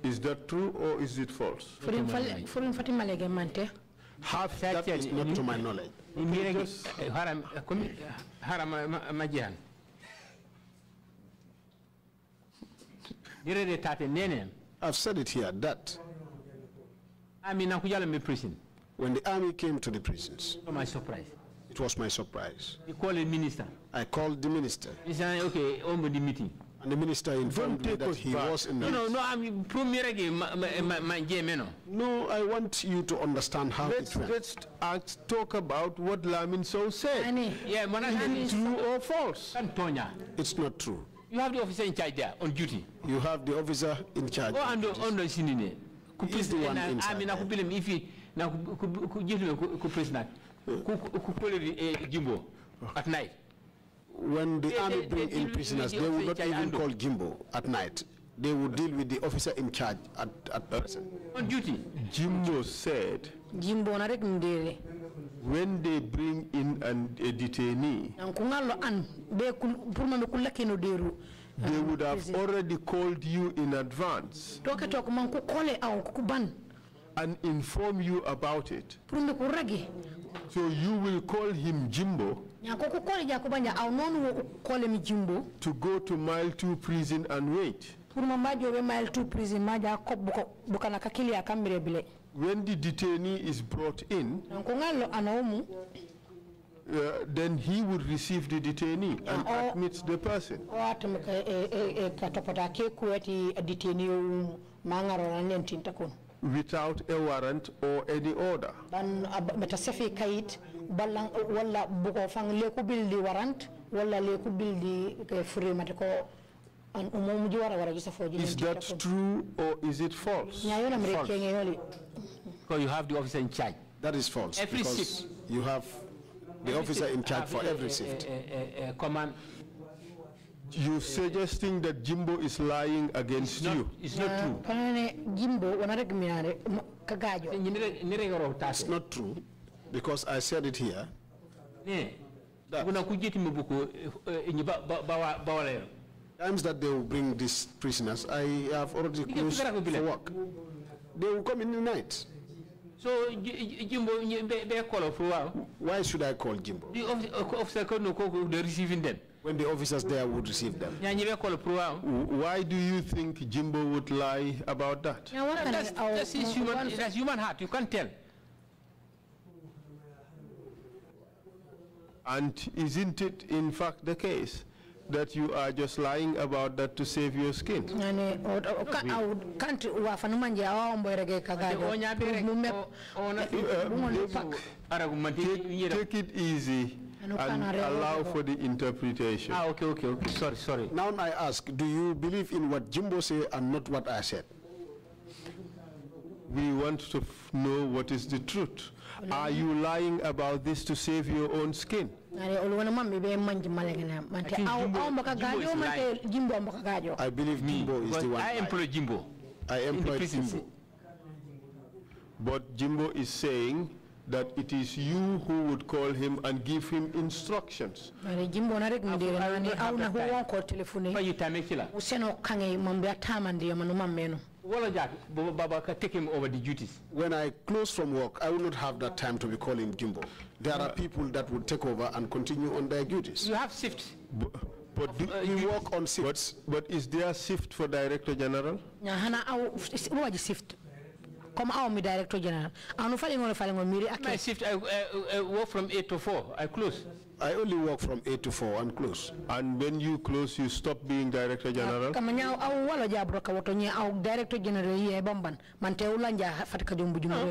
is that true or is it false? Half that is not to my knowledge. I've said it here that army nakujala me prison when the army came to the prisons my surprise it was my surprise You call the minister I called the minister he said okay on the meeting and the minister informed me that he back. was in the. No, no, I'm premier again. No, I want you to understand how let's, it went. Let's ask, talk about what Lamin So said. Yeah, Annie. True or false? It's not true. You have the officer in charge there on duty. You have the officer in charge. Oh, and on the sinine. He's the one in charge. I mean, I could him if he now could give him a prisoner. Could call it Jimbo oh. at night. When the army bring in prisoners, they will not even call Jimbo at night. They will deal with the officer in charge at, at present. On duty. Jimbo said. Jimbo, not when they bring in an, a detainee, they would have already called you in advance and inform you about it. So you will call him Jimbo to go to mile two prison and wait when the detainee is brought in, uh, then he would receive the detainee and uh, the person. Eh, eh, eh, Without a warrant or any order. warrant is that true or is it false? false. Because you have the officer in charge. That is false. Every because shift. You have the officer in charge for every shift. command. You're suggesting that Jimbo is lying against it's you. Not, it's not true. Uh, it's not true because I said it here. That times that they will bring these prisoners, I have already closed for work. They will come in the night. So Jimbo, they call for Why should I call Jimbo? The uh, officer could not receiving them. When the officers there would receive them. Why do you think Jimbo would lie about that? That's, that's human, that's human heart. You can't tell. And isn't it in fact the case that you are just lying about that to save your skin. Take it easy and allow for the interpretation. Ah, okay, okay, okay. Sorry, sorry. Now I ask, do you believe in what Jimbo said and not what I said? We want to know what is the truth. Are you lying about this to save your own skin? i believe me jimbo is the one i employ jimbo i employ jimbo but jimbo is saying that it is you who would call him and give him instructions. jimbo na rek mdere when I close from work, I will not have that time to be calling Jimbo. There are people that will take over and continue on their duties. You have shifts. But, do uh, you work on shifts. But, but is there a shift for Director General? No, shift. Come out with Director General. I'm not filing on filing on me. I shift. I work from 8 to 4. I close. I only work from 8 to 4 and close. And when you close, you stop being Director General? wala Director General Mante If oh.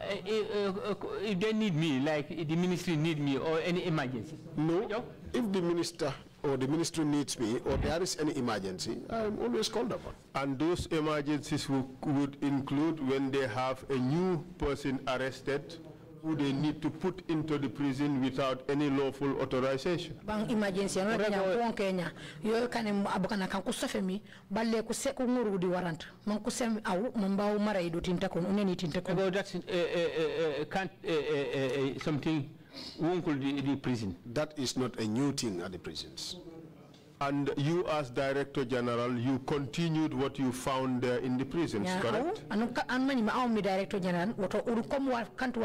eh, eh, eh, they need me, like the ministry need me or any emergency? No. If the minister or the ministry needs me or there is any emergency, I'm always called upon. And those emergencies would include when they have a new person arrested who they need to put into the prison without any lawful authorization. Bang emergency ano kanya kung kanya yo kani abakana kang kusafe mi balle kuse kunguru di warrant man kuse au mambao mara idu tinta kun uneni tinta kun. Well, that's uh, eh, uh, eh, uh, eh, can't, uh, uh, uh, something. Won't the, prison. That is not a new thing at the prisons. And you, as Director General, you continued what you found in the prisons, yeah. correct? anmani ma Director General, kantu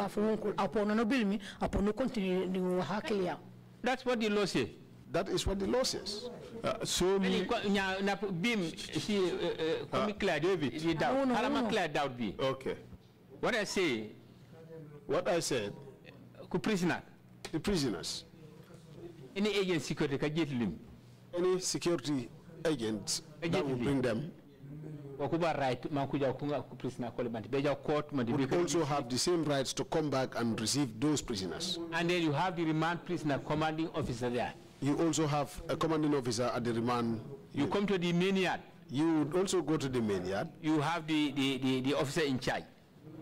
wa ni That's what the law says. That is what the law says. Uh, so me. bim si eh, eh, ah. David. doubt. Okay. What I say. What I said. prisoner. The prisoners. Any agency could get ka lim any security agent, that will bring them We also have the same rights to come back and receive those prisoners and then you have the remand prisoner commanding officer there you also have a commanding officer at the remand you come to the main yard you would also go to the main yard you have the the, the, the officer in charge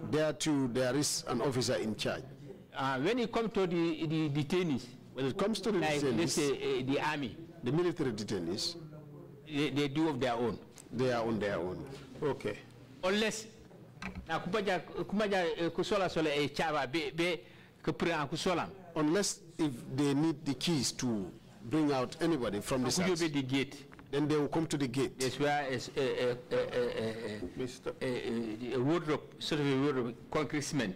there too there is an officer in charge uh, when it comes to the the detainees when it comes to the like, detainees let's say uh, the army the military detainees? They, they do of their own. They are on their own. Okay. Unless now, kubaja kumaja eh, kusola sola e eh, chava be be kupira kusola. Unless if they need the keys to bring out anybody from the house. the gate. Then they will come to the gate. That's where a, a, a, wardrobe, sort of a wardrobe, concrete cement.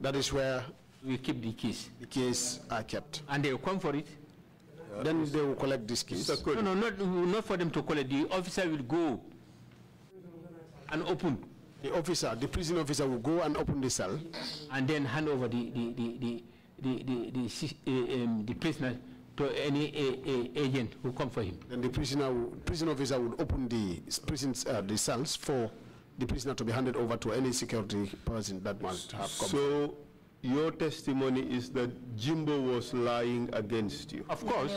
That is where we keep the keys. The keys are kept. And they will come for it then they will collect these keys. No, no, not, not for them to collect. The officer will go and open. The officer, the prison officer will go and open the cell. And then hand over the, the, the, the, the, the, the, um, the prisoner to any a, eh, a eh, agent who come for him. Then the prisoner, prison officer would open the prisons, uh, the cells for the prisoner to be handed over to any security person that might have come. So your testimony is that Jimbo was lying against you. Of course.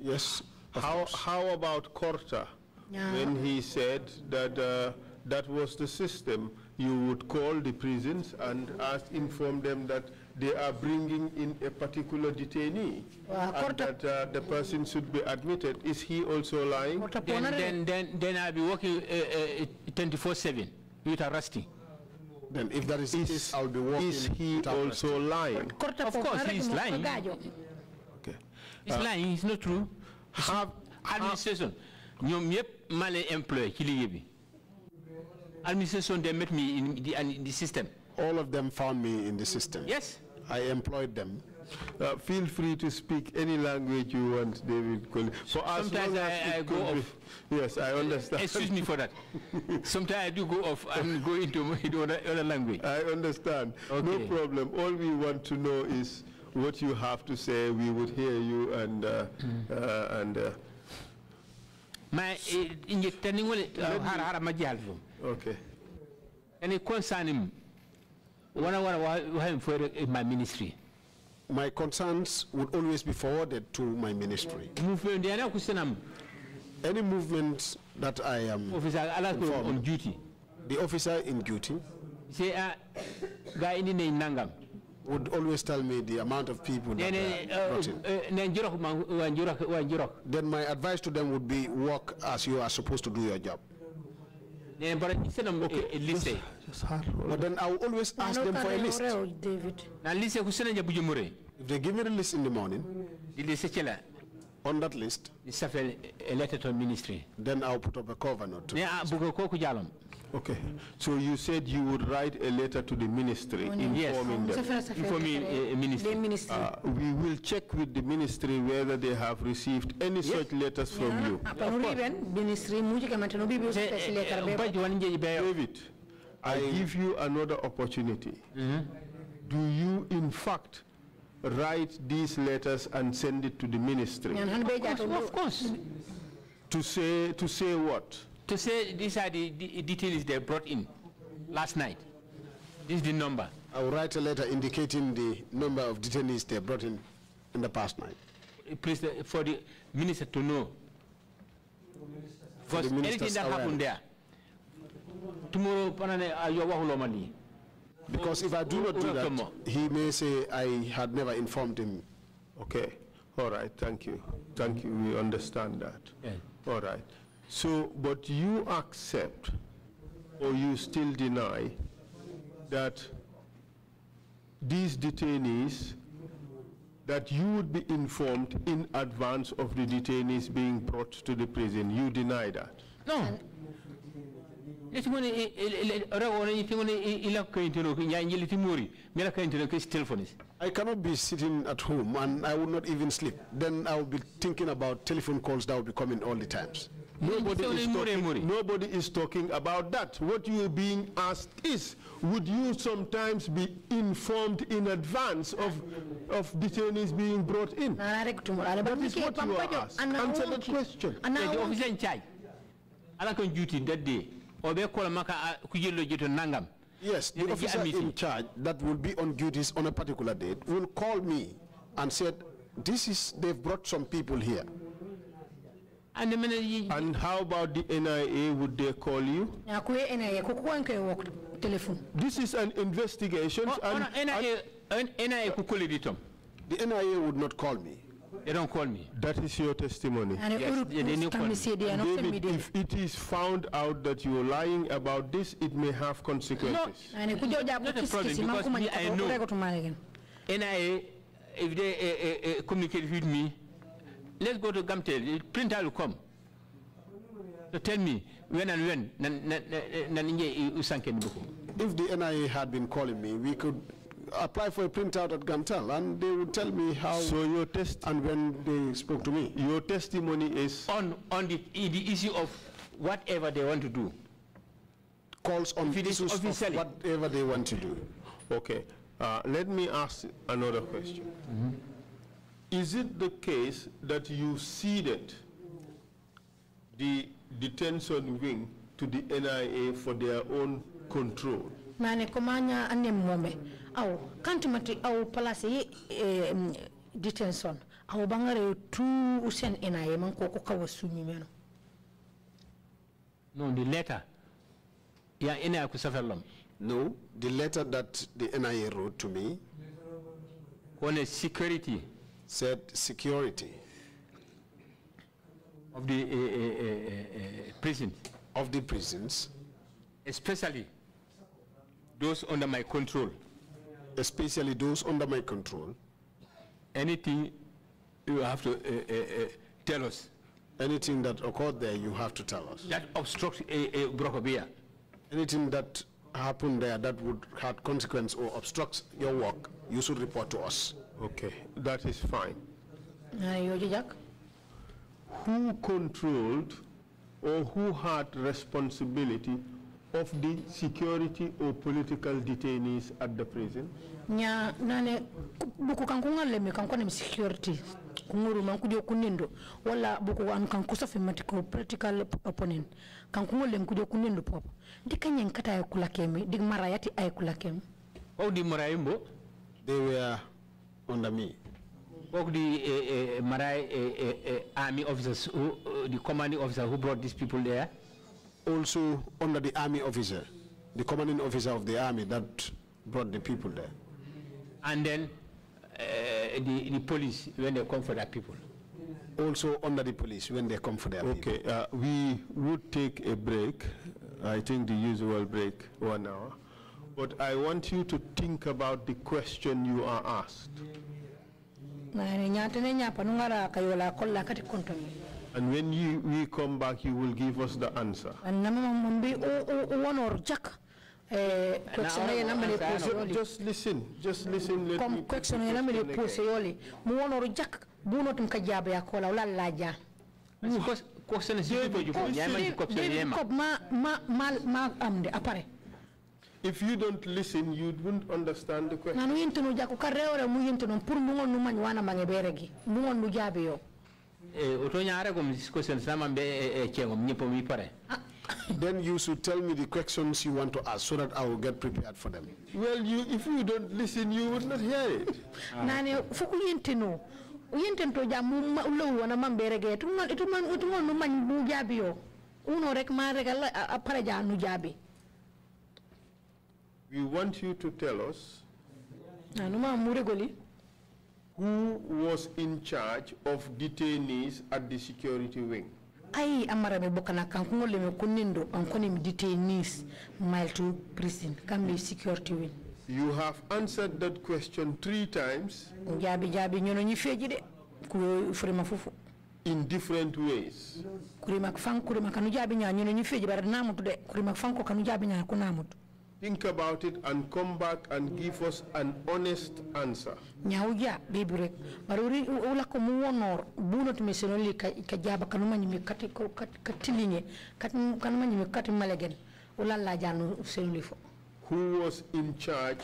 Yes. How how about Korta yeah. when he said that uh, that was the system? You would call the prisons and ask, inform them that they are bringing in a particular detainee uh, and that uh, the person should be admitted. Is he also lying? Then, then, then, then I'll be working 24-7 uh, uh, with arresting. Then if that is, is case, I'll be working. Is he also lying? Of course, he's lying. Okay. He's uh, lying. It's not true. Have, administration. You ñëpp maa leen employé administration they met me in the, in the system. all of them found me in the system. Yes. I employed them. Uh, feel free to speak any language you want, David. sometimes I, I go off. Yes, I uh, understand. Excuse me for that. sometimes I do go off and go into another language. I understand. Okay. No problem. All we want to know is what you have to say. We would hear you and uh, hmm. uh, and. Uh, ma inje tani wole har har ma jihal fum okay any one of in my ministry. My concerns would always be forwarded to my ministry. Any movement that I am officer informed, on duty. The officer in duty uh, would always tell me the amount of people that uh, brought in. Uh, then my advice to them would be work as you are supposed to do your job. Yeah, but instead of um, okay. a eh, eh, list. But then I will always ask them for a list. David. Now, list ku sene jabu jumure. If they give me the list in the morning, the list chela. On that list, it's a letter to ministry. Then I'll put up a cover note. Yeah, bugo ko ku jalom. Okay. So you said you would write a letter to the ministry oh, informing yes. them. Informing uh, ministry. The ministry. Uh, we will check with the ministry whether they have received any yes. such letters yeah. from you. David, I give you another opportunity. Mm -hmm. Do you, in fact, write these letters and send it to the ministry? Of course. Of course. To say, to say what? to say these are the, the details they brought in last night. This is the number. I will write a letter indicating the number of detainees they brought in in the past night. Please, uh, for the minister to know. Because anything that aware. happened there, tomorrow, uh, because if I do not do that, he may say I had never informed him. Okay. All right. Thank you. Thank you. We understand that. Yeah. All right. So, but you accept or you still deny that these detainees, that you would be informed in advance of the detainees being brought to the prison. You deny that? No. I cannot be sitting at home and I would not even sleep. Then I would be thinking about telephone calls that would be coming all the times. Nobody is, talking, nobody is talking about that. What you're being asked is, would you sometimes be informed in advance of, of detainees being brought in? Ah, that is what you are asked. Answer that question. The officer in charge, ala kon duty that day, or they call maka ah, kujelo jito nangam. Yes, the officer in charge that will be on duties on a particular date will call me and said, this is, they've brought some people here. And, and how about the NIA? Would they call you? This is an investigation. Oh, oh and, oh, NIA, and NIA uh, the NIA would not call me. They don't call me. That is your testimony. yes, they, call me. if it is found out that you are lying about this, it may have consequences. No, not a problem because me, I know. NIA, if they uh, uh, communicate with me, Let's go to Gamtel. Printer will come. So tell me when and when. If the NIA had been calling me, we could apply for a printout at Gantel and they would tell me how so your test and when they spoke to me. Your testimony is on on the, the issue of whatever they want to do. Calls on issues of whatever they want to do. Okay. Uh, let me ask another question. Mm -hmm. Is it the case that you ceded the detention wing to the NIA for their own control? Nane komanya ane mome. Au, kantu matri au palasi eh, detention. Au bangare tu usen NIA manko kukawa sumi meno. No, the letter. Ya NIA kusafelom. No, the letter that the NIA wrote to me. Kone security said security. Of the uh, uh, uh, prison. Of the prisons. Especially those under my control. Especially those under my control. Anything you have to eh, eh, eh, tell us. Anything that occurred there, you have to tell us. That obstructs a, broker beer. Anything that happened there that would have consequence or obstructs your work, you should report to us. Okay, that is fine. Who controlled or who had responsibility of the security or political detainees at the prison? Nya leme security kunguru mankujo kunendo wala political opponent leme kunendo papa dig marayati di marayimbo they were under me. Spoke the uh, uh, Marai uh, army officers, who, eh, the commanding officer who brought these people there? Also under the army officer, the commanding officer of the army that brought the people there. And then eh, the, the police when they come for their people? Also under the police when they come for their okay, people. Okay, uh, we would take a break. I think the usual break, one hour. But I want you to think about the question you are asked. And when you, we come back, you will give us the answer. just listen, just listen. Let me question Question if you don't listen, you wouldn't understand the question. Nanu yintunu jaku karreore mu yintunu pur mungon nu manywana mangeberegi. Mungon nu jabi yo. Uto nyare gum discussion sama mbe chengom nyipo mi ah. Then you should tell me the questions you want to ask so that I will get prepared for them. Well, you, if you don't listen, you would not hear it. Nani fuku yintinu. Yintinu jamu ulu wana mamberege. Itu man utu man utu man nu manyu yo. Uno rek ma rek ala apare we want you to tell us who was in charge of detainees at the security wing. I amara me bokana kankungo le me kunindo ankoni me detainees mile to prison kambi security wing. You have answered that question three times. in different ways. Kurima kufang kurima kanu jabi nya nyono nyifeji bara namutu de kurima kufang ko kanu think about it and come back and give us an honest answer. Nyauya bibrek maruri ula kumuonor buno tumesenoli kajaba kanuma nyime kati katilinye kanuma mi kati malegen ula lajanu fo. Who was in charge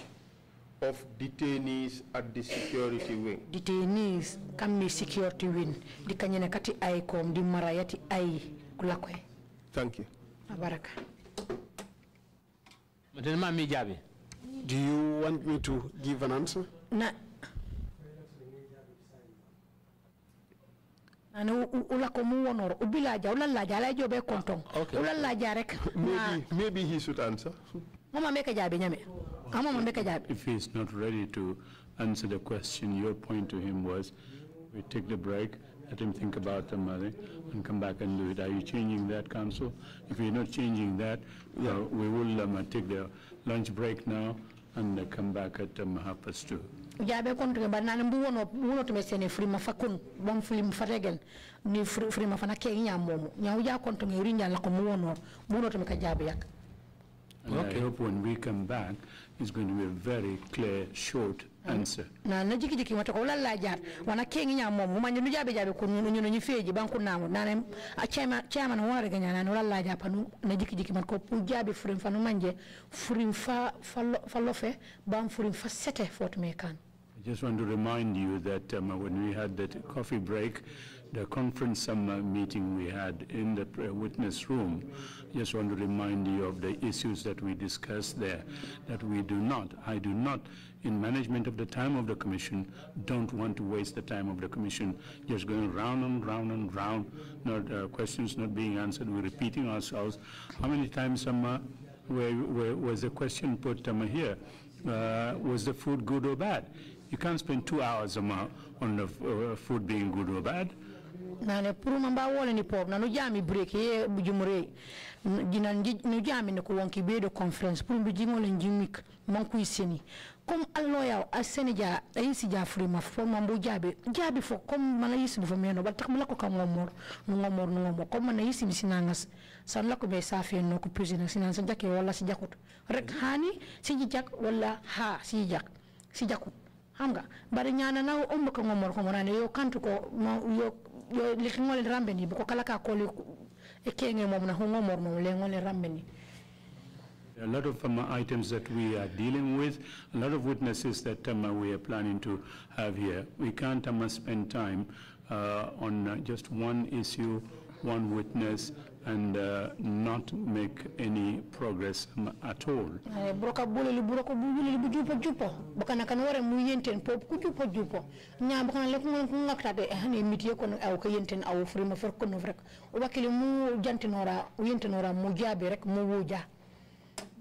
of detainees at the security wing? Detainees kami security wing dikanyene kati aikom di marayati ai kulakwe. Thank you. Abaraka. Do you want me to give an answer? Na ani ula wonor ubila ja ula la ja la ula la ja rek maybe maybe he should answer mama meka nyame mama meka if he is not ready to answer the question your point to him was we take the break let him think about them, I think, and come back and do it. Are you changing that, Council? If you're not changing that, yeah. uh, we will um, take the lunch break now and uh, come back at um, half past two. jaabe kontu ke bari nani mbuwono wuno tume sene frima fakun bon film faregen ni frima fana ke nya momo nya uja kontu ngeri nya la ko muwono wuno tume ka jaabe yak okay. I hope when we come back, it's going to be a very clear, short answer. I just want to remind you that um, when we had that coffee break, the conference summer meeting we had in the witness room, just want to remind you of the issues that we discussed there, that we do not, I do not, in management of the time of the commission, don't want to waste the time of the commission, just going round and round and round, not uh, questions not being answered, we're repeating ourselves. How many times, Summer, where, where was the question put, Summer, here? Uh, was the food good or bad? You can't spend two hours a month on the uh, food being good or bad. nane puruma mba wole ni pop na nujami break ye bujumure jina nujami ne ko wonki bedo conference pour ndu jingole njimik man ku iseni comme allo yaw aseni ja ayisi eh, ja furi ma fo man bu jabe jabe fo comme man ayisi bu fameno ba tax mala ko kam ngomor ngomor ngomor comme man ayisi misinangas san la ko be safe no ko na sinan sa jake wala si jakut rek hani si jak wala ha si jak si jakut xam nga bari ñaana na o ko ngomor ko mo nane yo kantu ko yo likingo rambeni boko kala ka kole ekenge na hongo rambeni a lot of um, items that we are dealing with, a lot of witnesses that um, we are planning to have here. We can't um, spend time uh, on uh, just one issue, one witness, and uh, not make any progress at all. Eh,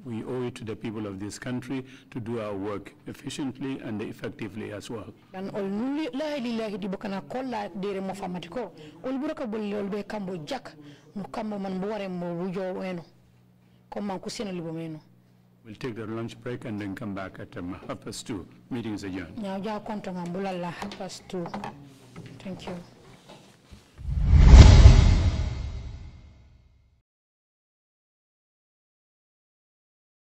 we owe it to the people of this country to do our work efficiently and effectively as well. We'll take the lunch break and then come back at um, half past two. Meeting is adjourned. Thank you.